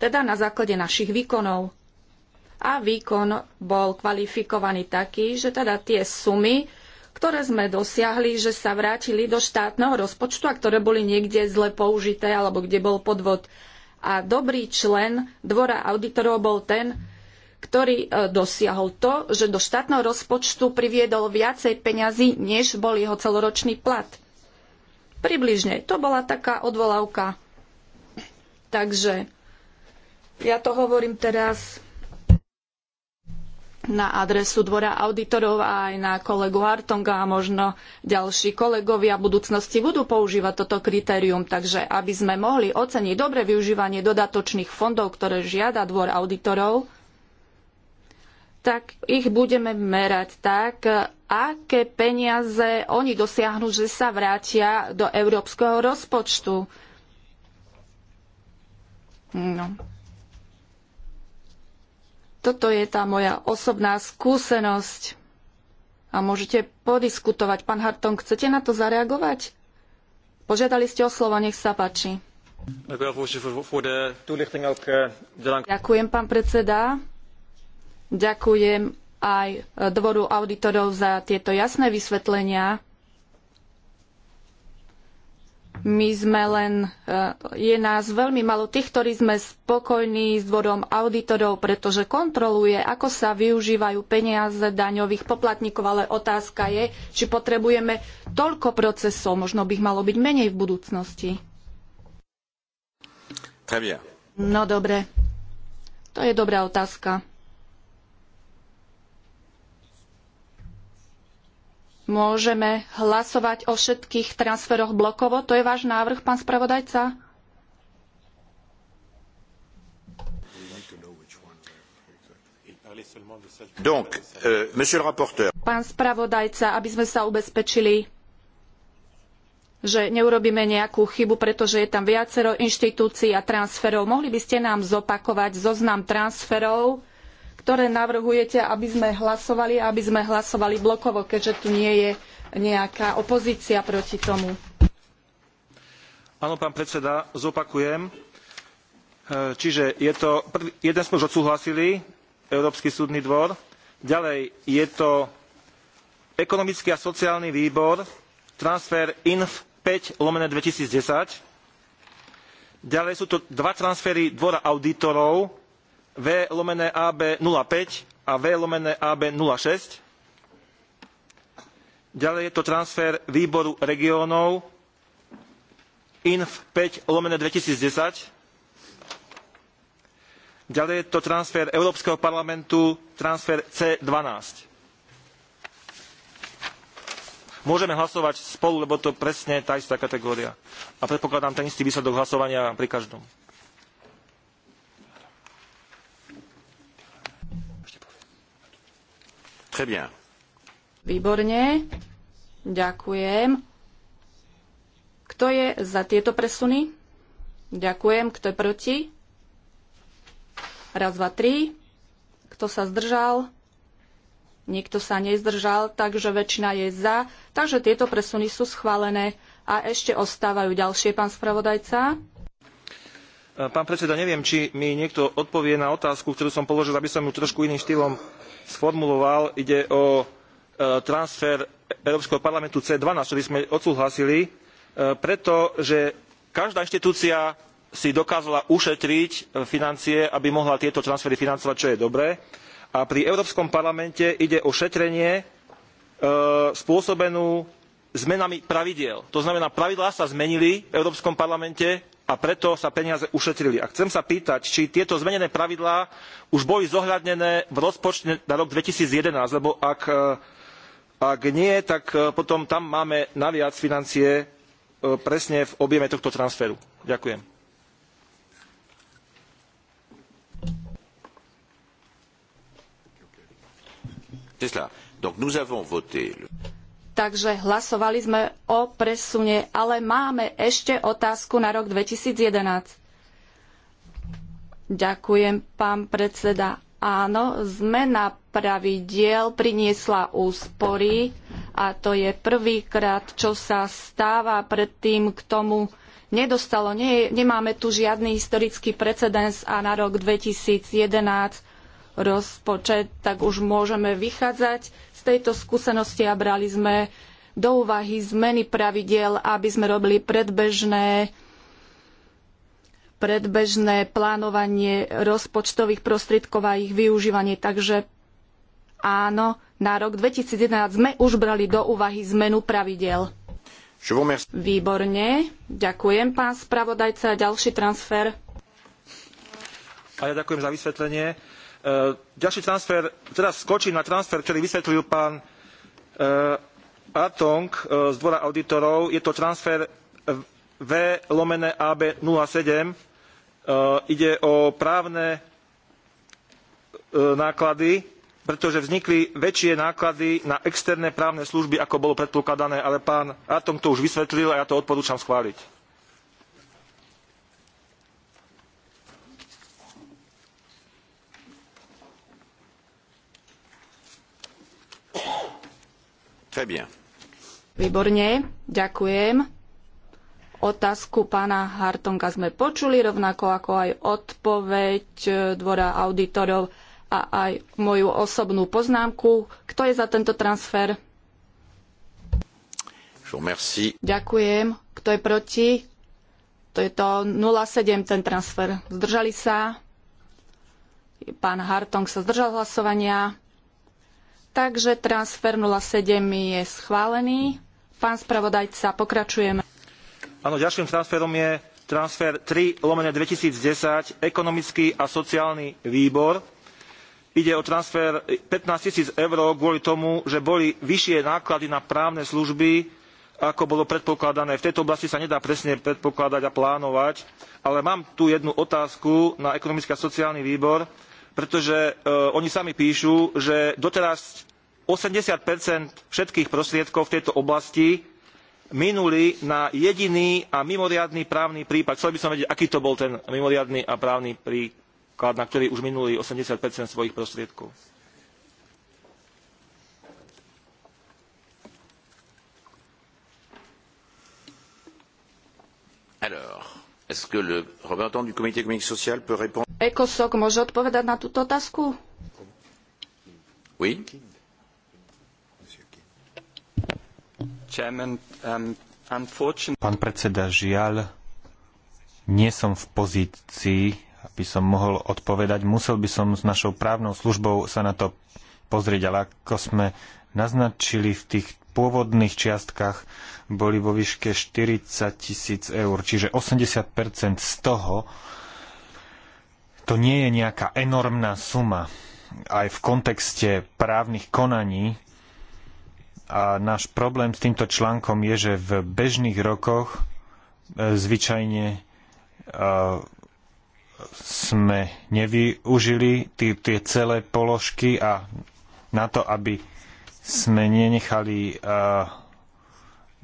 teda na základe našich výkonov. A výkon bol kvalifikovaný taký, že teda tie sumy, ktoré sme dosiahli, že sa vrátili do štátneho rozpočtu a ktoré boli niekde zle použité alebo kde bol podvod. A dobrý člen dvora auditorov bol ten, ktorý e, dosiahol to, že do štátneho rozpočtu priviedol viacej peňazí, než bol jeho celoročný plat. Približne. To bola taká odvolávka. Takže ja to hovorím teraz na adresu Dvora auditorov a aj na kolegu Hartonga a možno ďalší kolegovia v budúcnosti budú používať toto kritérium. Takže aby sme mohli oceniť dobre využívanie dodatočných fondov, ktoré žiada Dvor auditorov, tak ich budeme merať tak, aké peniaze oni dosiahnu, že sa vrátia do európskeho rozpočtu. No. Toto je tá moja osobná skúsenosť. A môžete podiskutovať. Pán Hartong, chcete na to zareagovať? Požiadali ste o slovo, nech sa páči. Eh, Ďakujem, pán predseda. Ďakujem aj dvoru auditorov za tieto jasné vysvetlenia. My sme len, eh, je nás veľmi malo tých, ktorí sme spokojní s dvorom auditorov, pretože kontroluje, ako sa využívajú peniaze daňových poplatníkov, ale otázka je, či potrebujeme toľko procesov, možno by ich malo byť menej v budúcnosti. No dobre, to je dobrá otázka. Môžeme hlasovať o všetkých transferoch blokovo. To je váš návrh, pán spravodajca? Donc, euh, pán spravodajca, aby sme sa ubezpečili, že neurobíme nejakú chybu, pretože je tam viacero inštitúcií a transferov. Mohli by ste nám zopakovať zoznam transferov, ktoré navrhujete, aby sme hlasovali a aby sme hlasovali blokovo, keďže tu nie je nejaká opozícia proti tomu. Áno, pán predseda, zopakujem. Čiže je to, prvý, jeden sme už odsúhlasili, Európsky súdny dvor. Ďalej je to ekonomický a sociálny výbor, transfer INF 5 lomené 2010. Ďalej sú to dva transfery dvora auditorov, v lomené AB 05 a V lomené AB 06. Ďalej je to transfer výboru regiónov INF 5 lomené 2010. Ďalej je to transfer Európskeho parlamentu, transfer C12. Môžeme hlasovať spolu, lebo to presne tá istá kategória. A predpokladám ten istý výsledok hlasovania pri každom. Très bien. Výborne. Ďakujem. Kto je za tieto presuny? Ďakujem. Kto je proti? Raz, dva, tri. Kto sa zdržal? Nikto sa nezdržal, takže väčšina je za. Takže tieto presuny sú schválené. A ešte ostávajú ďalšie, pán spravodajca. E, pán predseda, neviem, či mi niekto odpovie na otázku, ktorú som položil, aby som ju trošku iným štýlom sformuloval. Ide o e, transfer Európskeho parlamentu C12, ktorý sme odsúhlasili, e, pretože každá inštitúcia si dokázala ušetriť financie, aby mohla tieto transfery financovať, čo je dobré. A pri Európskom parlamente ide o šetrenie spôsobenú zmenami pravidiel. To znamená, pravidlá sa zmenili v Európskom parlamente, a preto sa peniaze ušetrili. A chcem sa pýtať, či tieto zmenené pravidlá už boli zohľadnené v rozpočte na rok 2011, lebo ak, eh, ak nie, tak eh, potom tam máme naviac financie eh, presne v objeme tohto transferu. Ďakujem. C'est cela. Donc nous avons voté. Takže hlasovali sme o presune, ale máme ešte otázku na rok 2011. Ďakujem, pán predseda. Áno, zmena pravidiel priniesla úspory a to je prvýkrát, čo sa stáva predtým k tomu nedostalo. Nie, nemáme tu žiadny historický precedens a na rok 2011 rozpočet, tak už môžeme vychádzať z tejto skúsenosti a brali sme do úvahy zmeny pravidiel, aby sme robili predbežné predbežné plánovanie rozpočtových prostriedkov a ich využívanie. Takže áno, na rok 2011 sme už brali do úvahy zmenu pravidel. Výborne. Ďakujem, pán spravodajca. Ďalší transfer. A ja ďakujem za vysvetlenie E, ďalší transfer, teraz skočím na transfer, ktorý vysvetlil pán e, Artong e, z dvora auditorov. Je to transfer V lomené AB 07. Ide o právne náklady, pretože vznikli väčšie náklady na externé právne služby, ako bolo predpokladané, ale pán Artong to už vysvetlil a ja to odporúčam schváliť. Très bien. Výborne, ďakujem. Otázku pána Hartonga sme počuli, rovnako ako aj odpoveď e, dvora auditorov a aj moju osobnú poznámku. Kto je za tento transfer? Ďakujem. Kto je proti? To je to 0,7 ten transfer. Zdržali sa? Pán Hartong sa zdržal hlasovania. Takže transfer 07 je schválený. Pán spravodajca, pokračujeme. Áno, ďalším transferom je transfer 3 lomene 2010, ekonomický a sociálny výbor. Ide o transfer 15 tisíc eur kvôli tomu, že boli vyššie náklady na právne služby, ako bolo predpokladané. V tejto oblasti sa nedá presne predpokladať a plánovať, ale mám tu jednu otázku na ekonomický a sociálny výbor pretože e, oni sami píšu, že doteraz 80 všetkých prostriedkov v tejto oblasti minuli na jediný a mimoriadny právny prípad. Chcel by som vedieť, aký to bol ten mimoriadny a právny príklad, na ktorý už minuli 80 svojich prostriedkov. ECOSOC môže odpovedať na túto otázku? Oui. Um, Pán predseda, žiaľ, nie som v pozícii, aby som mohol odpovedať. Musel by som s našou právnou službou sa na to pozrieť, ale ako sme naznačili v tých pôvodných čiastkách boli vo výške 40 tisíc eur, čiže 80% z toho to nie je nejaká enormná suma. Aj v kontexte právnych konaní a náš problém s týmto článkom je, že v bežných rokoch e, zvyčajne e, sme nevyužili tie celé položky a na to, aby sme nenechali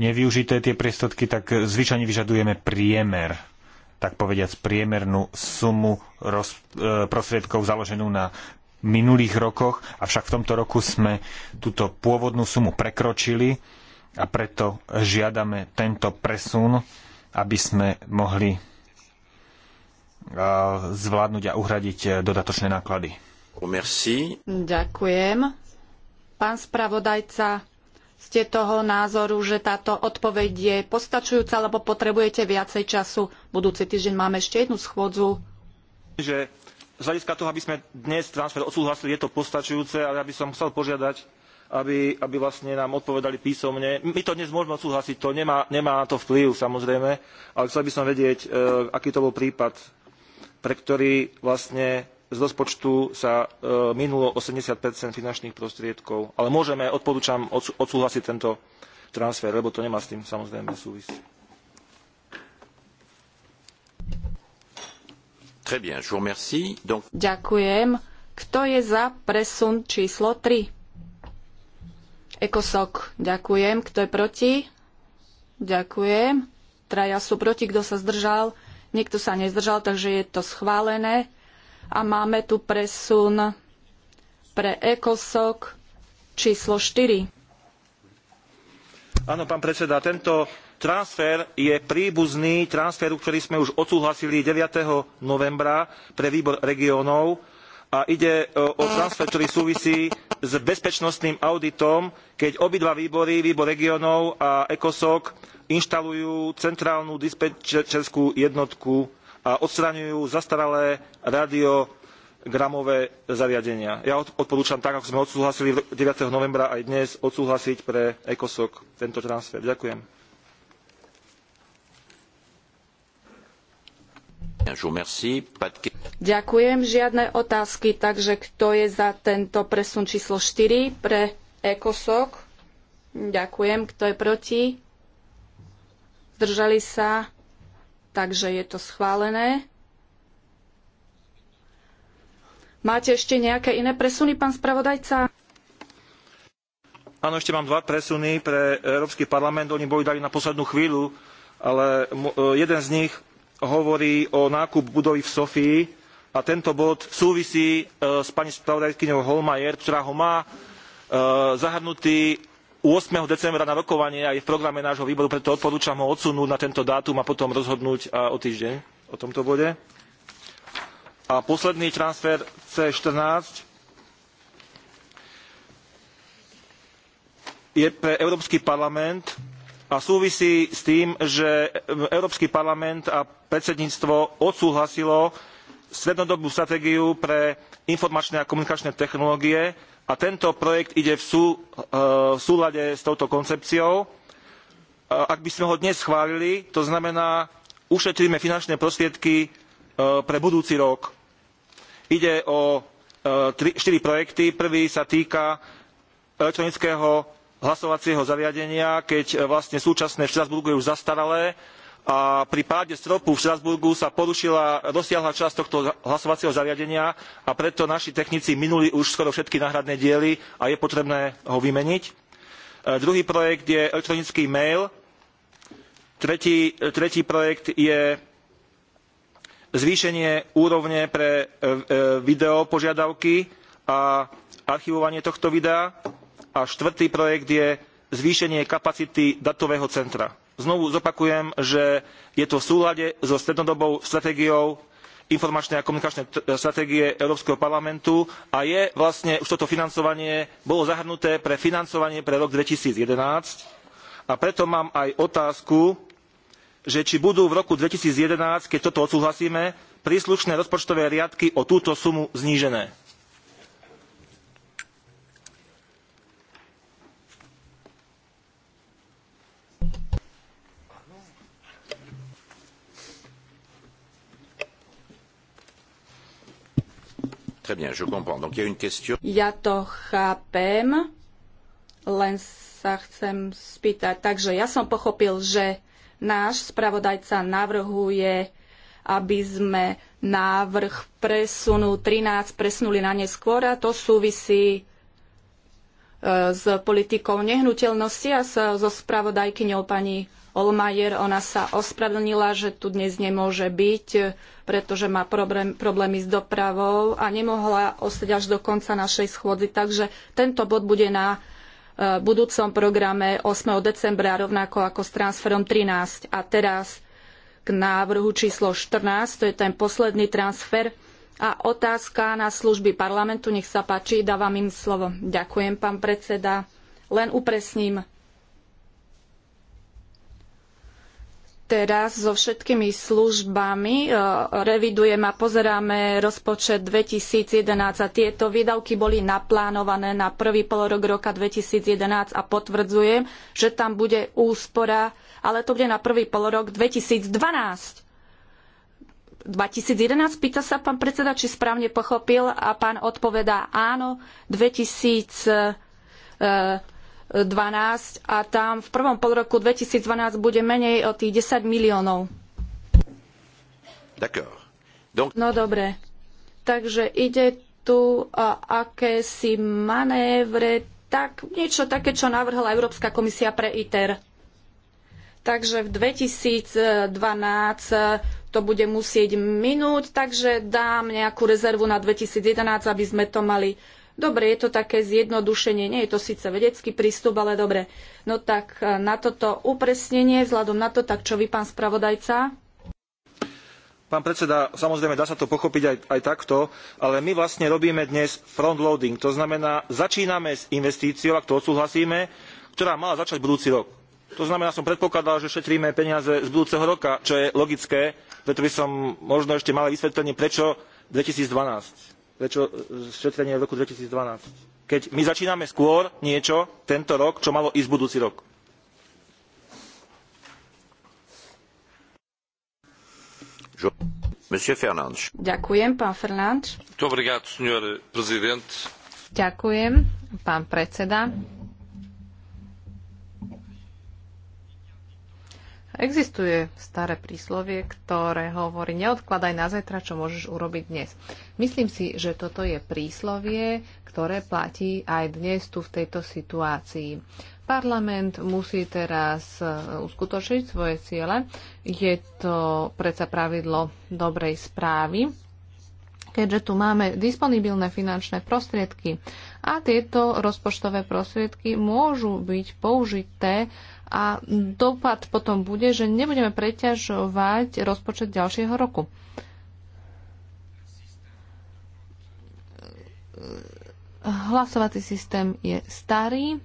nevyužité tie priestatky, tak zvyčajne vyžadujeme priemer, tak povediať priemernú sumu roz, e, prostriedkov založenú na minulých rokoch, avšak v tomto roku sme túto pôvodnú sumu prekročili a preto žiadame tento presun, aby sme mohli e, zvládnuť a uhradiť e, dodatočné náklady. Merci. Ďakujem. Pán spravodajca, ste toho názoru, že táto odpoveď je postačujúca, alebo potrebujete viacej času? Budúci týždeň máme ešte jednu schôdzu. Že z hľadiska toho, aby sme dnes transfer odsúhlasili, je to postačujúce, ale by som chcel požiadať, aby, aby vlastne nám odpovedali písomne. My to dnes môžeme odsúhlasiť, to nemá, nemá na to vplyv samozrejme, ale chcel by som vedieť, e, aký to bol prípad, pre ktorý vlastne z rozpočtu sa e, minulo 80 finančných prostriedkov, ale môžeme, odporúčam, odsúhlasiť tento transfer, lebo to nemá s tým samozrejme súvisť. Ďakujem. Kto je za presun číslo 3? Ekosok, ďakujem. Kto je proti? Ďakujem. Traja sú proti, kto sa zdržal. Niekto sa nezdržal, takže je to schválené a máme tu presun pre ECOSOC číslo 4. Áno, pán predseda, tento transfer je príbuzný transferu, ktorý sme už odsúhlasili 9. novembra pre výbor regiónov a ide e, o transfer, ktorý súvisí s bezpečnostným auditom, keď obidva výbory, výbor regiónov a ECOSOC, inštalujú centrálnu dispečerskú jednotku a odstraňujú zastaralé radiogramové zariadenia. Ja odporúčam tak, ako sme odsúhlasili nine novembra aj dnes, odsúhlasiť pre ECOSOC tento transfer. Ďakujem. Ďakujem. Žiadne otázky, takže kto je za tento presun číslo 4 pre ECOSOC? Ďakujem. Kto je proti? Zdržali sa? Takže je to schválené. Máte ešte nejaké iné presuny, pán spravodajca? Áno, ešte mám dva presuny pre Európsky parlament. Oni boli dali na poslednú chvíľu, ale e, jeden z nich hovorí o nákup budovy v Sofii a tento bod súvisí e, s pani spravodajkyňou Holmajer, ktorá ho má e, zahrnutý 8. decembra na rokovanie a je v programe nášho výboru, preto odporúčam ho odsunúť na tento dátum a potom rozhodnúť e, o týždeň o tomto bode. A posledný transfer C14 je pre Európsky parlament a súvisí s tým, že Európsky parlament a predsedníctvo odsúhlasilo strednodobú stratégiu pre informačné a komunikačné technológie a tento projekt ide v, sú, e, v súlade s touto koncepciou. E, ak by sme ho dnes schválili, to znamená, ušetríme finančné prostriedky e, pre budúci rok. Ide o štyri projekty. Prvý sa týka elektronického hlasovacieho zariadenia, keď vlastne súčasné v Štrasburgu je už zastaralé a pri páde stropu v Štrasburgu sa porušila rozsiahla časť tohto hlasovacieho zariadenia a preto naši technici minuli už skoro všetky náhradné diely a je potrebné ho vymeniť. E, druhý projekt je elektronický mail. Tretí, tretí projekt je zvýšenie úrovne pre e, e, video požiadavky a archivovanie tohto videa. A štvrtý projekt je zvýšenie kapacity datového centra znovu zopakujem, že je to v súlade so strednodobou stratégiou informačnej a komunikačnej stratégie Európskeho parlamentu a je vlastne už toto financovanie bolo zahrnuté pre financovanie pre rok eleven a preto mám aj otázku, že či budú v roku eleven keď toto odsúhlasíme, príslušné rozpočtové riadky o túto sumu znížené. Très bien, je comprends. Donc, il y a une question. Ja to chápem, len sa chcem spýtať. Takže ja som pochopil, že náš spravodajca navrhuje, aby sme návrh presunú 13 presunuli na neskôr a to súvisí e, s politikou nehnuteľnosti a so spravodajkyňou pani Olmayer, Ona sa ospravedlnila, že tu dnes nemôže byť, pretože má problém, problémy s dopravou a nemohla ostať až do konca našej schôdzy. Takže tento bod bude na e, budúcom programe 8. decembra, rovnako ako s transferom 13. A teraz k návrhu číslo 14, to je ten posledný transfer. A otázka na služby parlamentu, nech sa páči, dávam im slovo. Ďakujem, pán predseda. Len upresním, teraz so všetkými službami e, revidujeme a pozeráme rozpočet 2011 a tieto výdavky boli naplánované na prvý polorok roka 2011 a potvrdzujem, že tam bude úspora, ale to bude na prvý polorok 2012. 2011, pýta sa pán predseda, či správne pochopil a pán odpovedá áno, 2000 a tam v prvom polroku 2012 bude menej o tých 10 miliónov. No dobre. Takže ide tu akési manévre, tak niečo také, čo navrhla Európska komisia pre ITER. Takže v 2012 to bude musieť minúť, takže dám nejakú rezervu na 2011, aby sme to mali Dobre, je to také zjednodušenie, nie je to síce vedecký prístup, ale dobre. No tak e, na toto upresnenie, vzhľadom na to, tak čo vy, pán spravodajca? Pán predseda, samozrejme dá sa to pochopiť aj, aj takto, ale my vlastne robíme dnes front loading. To znamená, začíname s investíciou, ak to odsúhlasíme, ktorá mala začať budúci rok. To znamená, som predpokladal, že šetríme peniaze z budúceho roka, čo je logické, preto by som možno ešte mal vysvetlenie, prečo 2012 prečo e, šetrenie v roku 2012. Keď my začíname skôr niečo tento rok, čo malo ísť budúci rok. Ďakujem, pán Fernández. Ďakujem, pán predseda. Existuje staré príslovie, ktoré hovorí, neodkladaj na zajtra, čo môžeš urobiť dnes. Myslím si, že toto je príslovie, ktoré platí aj dnes tu v tejto situácii. Parlament musí teraz e, uskutočniť svoje ciele. Je to predsa pravidlo dobrej správy, keďže tu máme disponibilné finančné prostriedky a tieto rozpočtové prostriedky môžu byť použité a dopad potom bude, že nebudeme preťažovať rozpočet ďalšieho roku. Hlasovací systém je starý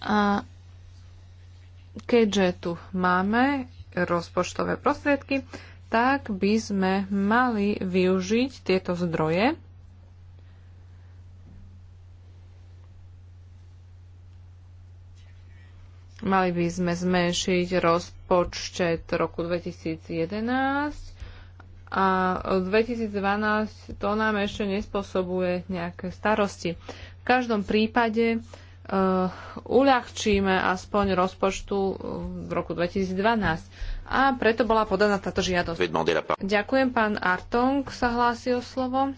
a keďže tu máme rozpočtové prostriedky, tak by sme mali využiť tieto zdroje Mali by sme zmenšiť rozpočet roku 2011 a 2012 to nám ešte nespôsobuje nejaké starosti. V každom prípade uh, uľahčíme aspoň rozpočtu eh, v roku 2012. A preto bola podaná táto žiadosť. Ďakujem, pán Artong sa hlási o slovo.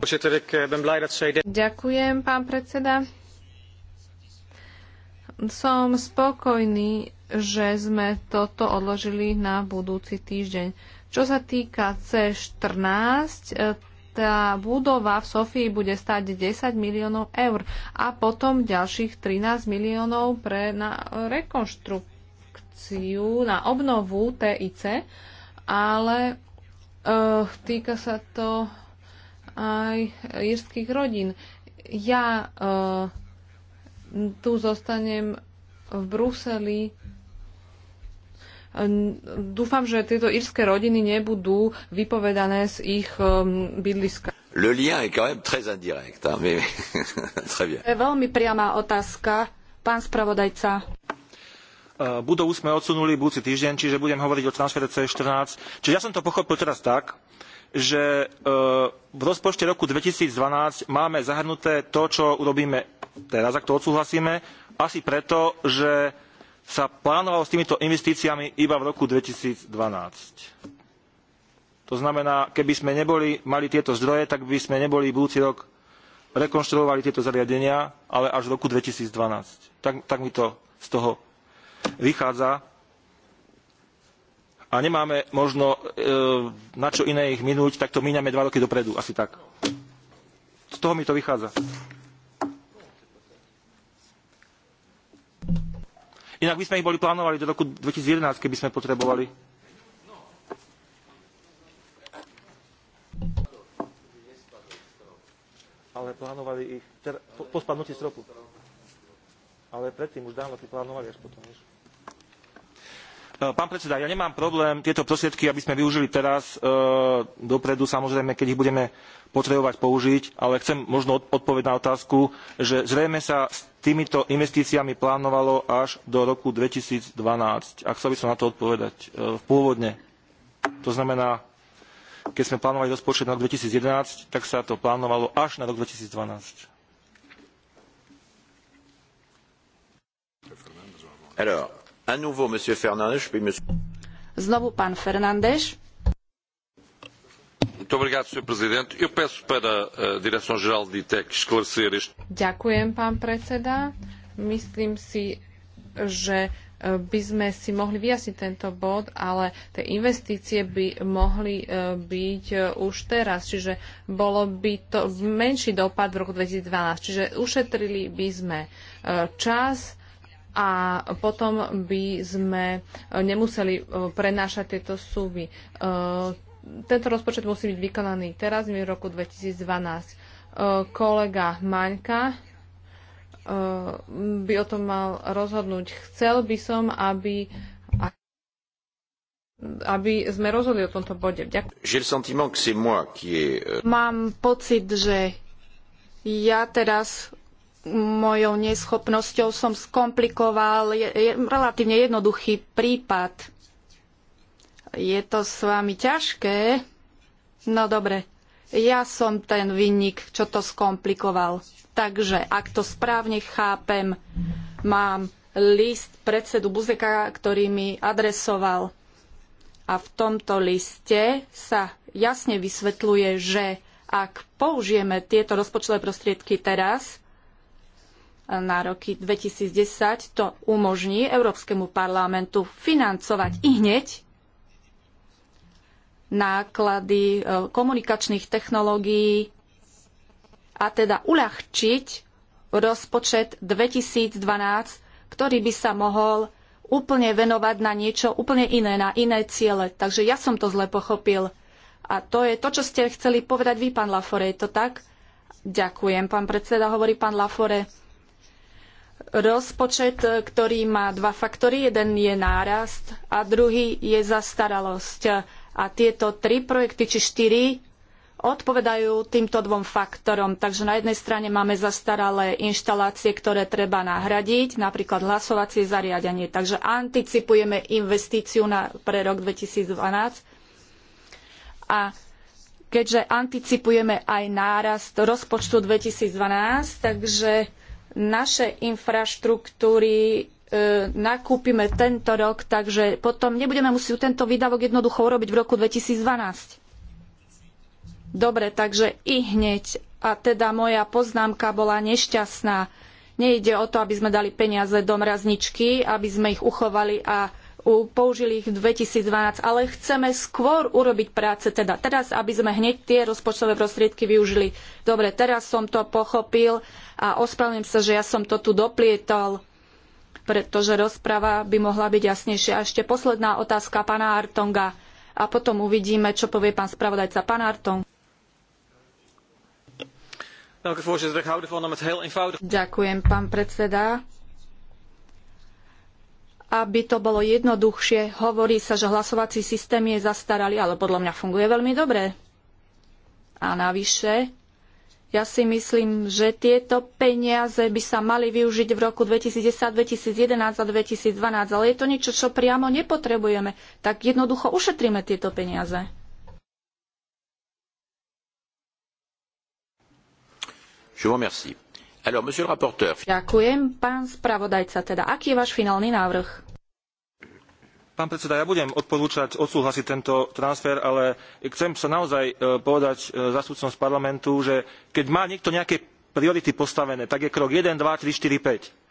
Eh, Ďakujem, pán predseda. Som spokojný, že sme toto odložili na budúci týždeň. Čo sa týka C14, e, tá budova v Sofii bude stať 10 miliónov eur a potom ďalších 13 miliónov pre na rekonštrukciu, na obnovu TIC, ale uh, týka sa to aj írskych rodín. Ja uh, tu zostanem v Bruseli. Dúfam, že tieto írske rodiny nebudú vypovedané z ich um, bydliska. Le lien est quand même très indirect, hein, mais <laughs> très bien. Je Veľmi priamá otázka, pán spravodajca. E, budovu sme odsunuli budúci týždeň, čiže budem hovoriť o transfere C14. Čiže ja som to pochopil teraz tak, že e, v rozpočte roku 2012 máme zahrnuté to, čo urobíme teraz, ak to odsúhlasíme, asi preto, že sa plánovalo s týmito investíciami iba v roku 2012. To znamená, keby sme neboli, mali tieto zdroje, tak by sme neboli budúci rok rekonštruovali tieto zariadenia, ale až v roku 2012. Tak, tak mi to z toho vychádza a nemáme možno e, na čo iné ich minúť, tak to míňame dva roky dopredu, asi tak. Z toho mi to vychádza. Inak by sme ich boli plánovali do roku 2011, keby sme potrebovali. Ale plánovali ich teda, po, po spadnutí stropu. Ale predtým už dávno si plánovali až potom, vieš. Eh, pán predseda, ja nemám problém tieto prostriedky, aby sme využili teraz eh, dopredu, samozrejme, keď ich budeme potrebovať použiť, ale chcem možno odpoveď na otázku, že zrejme sa s týmito investíciami plánovalo až do roku 2012. A chcel by som na to odpovedať eh, pôvodne. To znamená, keď sme plánovali rozpočet na rok 2011, tak sa to plánovalo až na rok 2012. Alors, À Znovu pán Fernández. Presidente. Eu peço para a Direção-Geral de ITEC esclarecer este... Ďakujem, pán predseda. Myslím si, že eh, by sme si mohli vyjasniť tento bod, ale tie investície by mohli eh, byť eh, už teraz, čiže bolo by to menší dopad v roku 2012, čiže ušetrili by sme čas a potom by sme e, nemuseli e, prenášať tieto súby. E, tento rozpočet musí byť vykonaný teraz, v roku 2012. Kolega Maňka by o tom mal rozhodnúť. Chcel by som, aby aby sme rozhodli o tomto bode. Ďakujem. Euh, Mám pocit, že ja teraz mojou neschopnosťou som skomplikoval je, je, relatívne jednoduchý prípad. Je to s vami ťažké? No dobre, ja som ten vinník, čo to skomplikoval. Takže, ak to správne chápem, mám list predsedu Buzeka, ktorý mi adresoval. A v tomto liste sa jasne vysvetľuje, že ak použijeme tieto rozpočtové prostriedky teraz, na roky 2010 to umožní Európskemu parlamentu financovať i hneď náklady e, komunikačných technológií a teda uľahčiť rozpočet 2012, ktorý by sa mohol úplne venovať na niečo úplne iné, na iné ciele. Takže ja som to zle pochopil. A to je to, čo ste chceli povedať vy, pán Lafore. Je to tak? Ďakujem, pán predseda, hovorí pán Lafore rozpočet, ktorý má dva faktory. Jeden je nárast a druhý je zastaralosť. A tieto tri projekty, či štyri, odpovedajú týmto dvom faktorom. Takže na jednej strane máme zastaralé inštalácie, ktoré treba nahradiť, napríklad hlasovacie zariadenie. Takže anticipujeme investíciu na, pre rok 2012. A keďže anticipujeme aj nárast rozpočtu 2012, takže naše infraštruktúry e, nakúpime tento rok, takže potom nebudeme musieť tento výdavok jednoducho urobiť v roku 2012. Dobre, takže i hneď. A teda moja poznámka bola nešťastná. Nejde o to, aby sme dali peniaze do mrazničky, aby sme ich uchovali a použili ich v 2012, ale chceme skôr urobiť práce, teda teraz, aby sme hneď tie rozpočtové prostriedky využili. Dobre, teraz som to pochopil a ospravedlňujem sa, že ja som to tu doplietol, pretože rozprava by mohla byť jasnejšia. A ešte posledná otázka pána Artonga a potom uvidíme, čo povie pán spravodajca. Pán Artong. Ďakujem, pán predseda aby to bolo jednoduchšie. Hovorí sa, že hlasovací systém je zastaralý, ale podľa mňa funguje veľmi dobre. A navyše, ja si myslím, že tieto peniaze by sa mali využiť v roku 2010, 2011 a 2012, ale je to niečo, čo priamo nepotrebujeme. Tak jednoducho ušetríme tieto peniaze. Je vous remercie. Alors, monsieur le rapporteur. Ďakujem, pán spravodajca. Teda, aký je váš finálny návrh? Pán predseda, ja budem odporúčať odsúhlasiť tento transfer, ale chcem sa naozaj e, povedať e, zastupcom z parlamentu, že keď má niekto nejaké priority postavené, tak je krok 1, 2, 3, 4, 5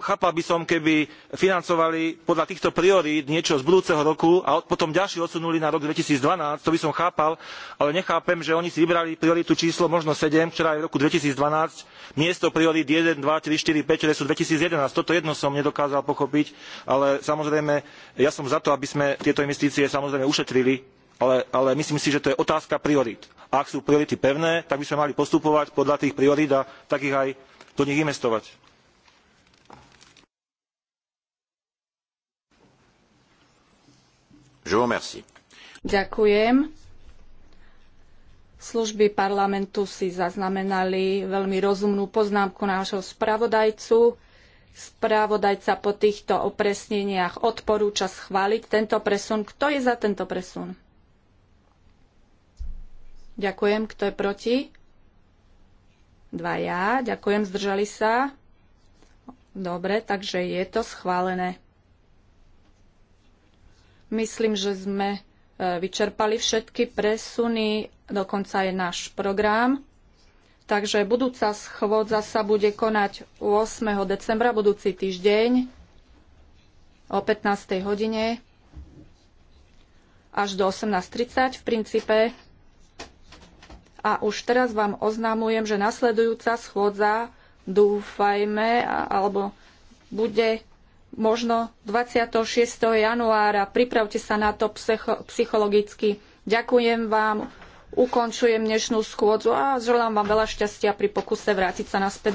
chápal by som keby financovali podľa týchto priorít niečo z budúceho roku a potom ďalší odsunuli na rok two thousand and twelve to by som chápal ale nechápem že oni si vybrali prioritu číslo možno seven ktorá je v roku two thousand and twelve miesto priorít one two three four five ktoré sú two thousand and eleven toto jedno som nedokázal pochopiť ale samozrejme ja som za to aby sme tieto investície samozrejme ušetrili ale, ale myslím si že to je otázka priorít a ak sú priority pevné tak by sme mali postupovať podľa tých priorít a tak ich aj do nich investovať. Je vous remercie. Ďakujem. Služby parlamentu si zaznamenali veľmi rozumnú poznámku nášho spravodajcu. Spravodajca po týchto opresneniach odporúča schváliť tento presun. Kto je za tento presun? Ďakujem. Kto je proti? Dvaja. Ďakujem. Zdržali sa? Dobre, takže je to schválené. Myslím, že sme e, vyčerpali všetky presuny, dokonca je náš program. Takže budúca schôdza sa bude konať 8. decembra, budúci týždeň o 15. hodine až do 18.30 v princípe. A už teraz vám oznamujem, že nasledujúca schôdza dúfajme, alebo bude možno 26. januára. Pripravte sa na to psychologicky. Ďakujem vám, ukončujem dnešnú schôdzu a želám vám veľa šťastia pri pokuse vrátiť sa naspäť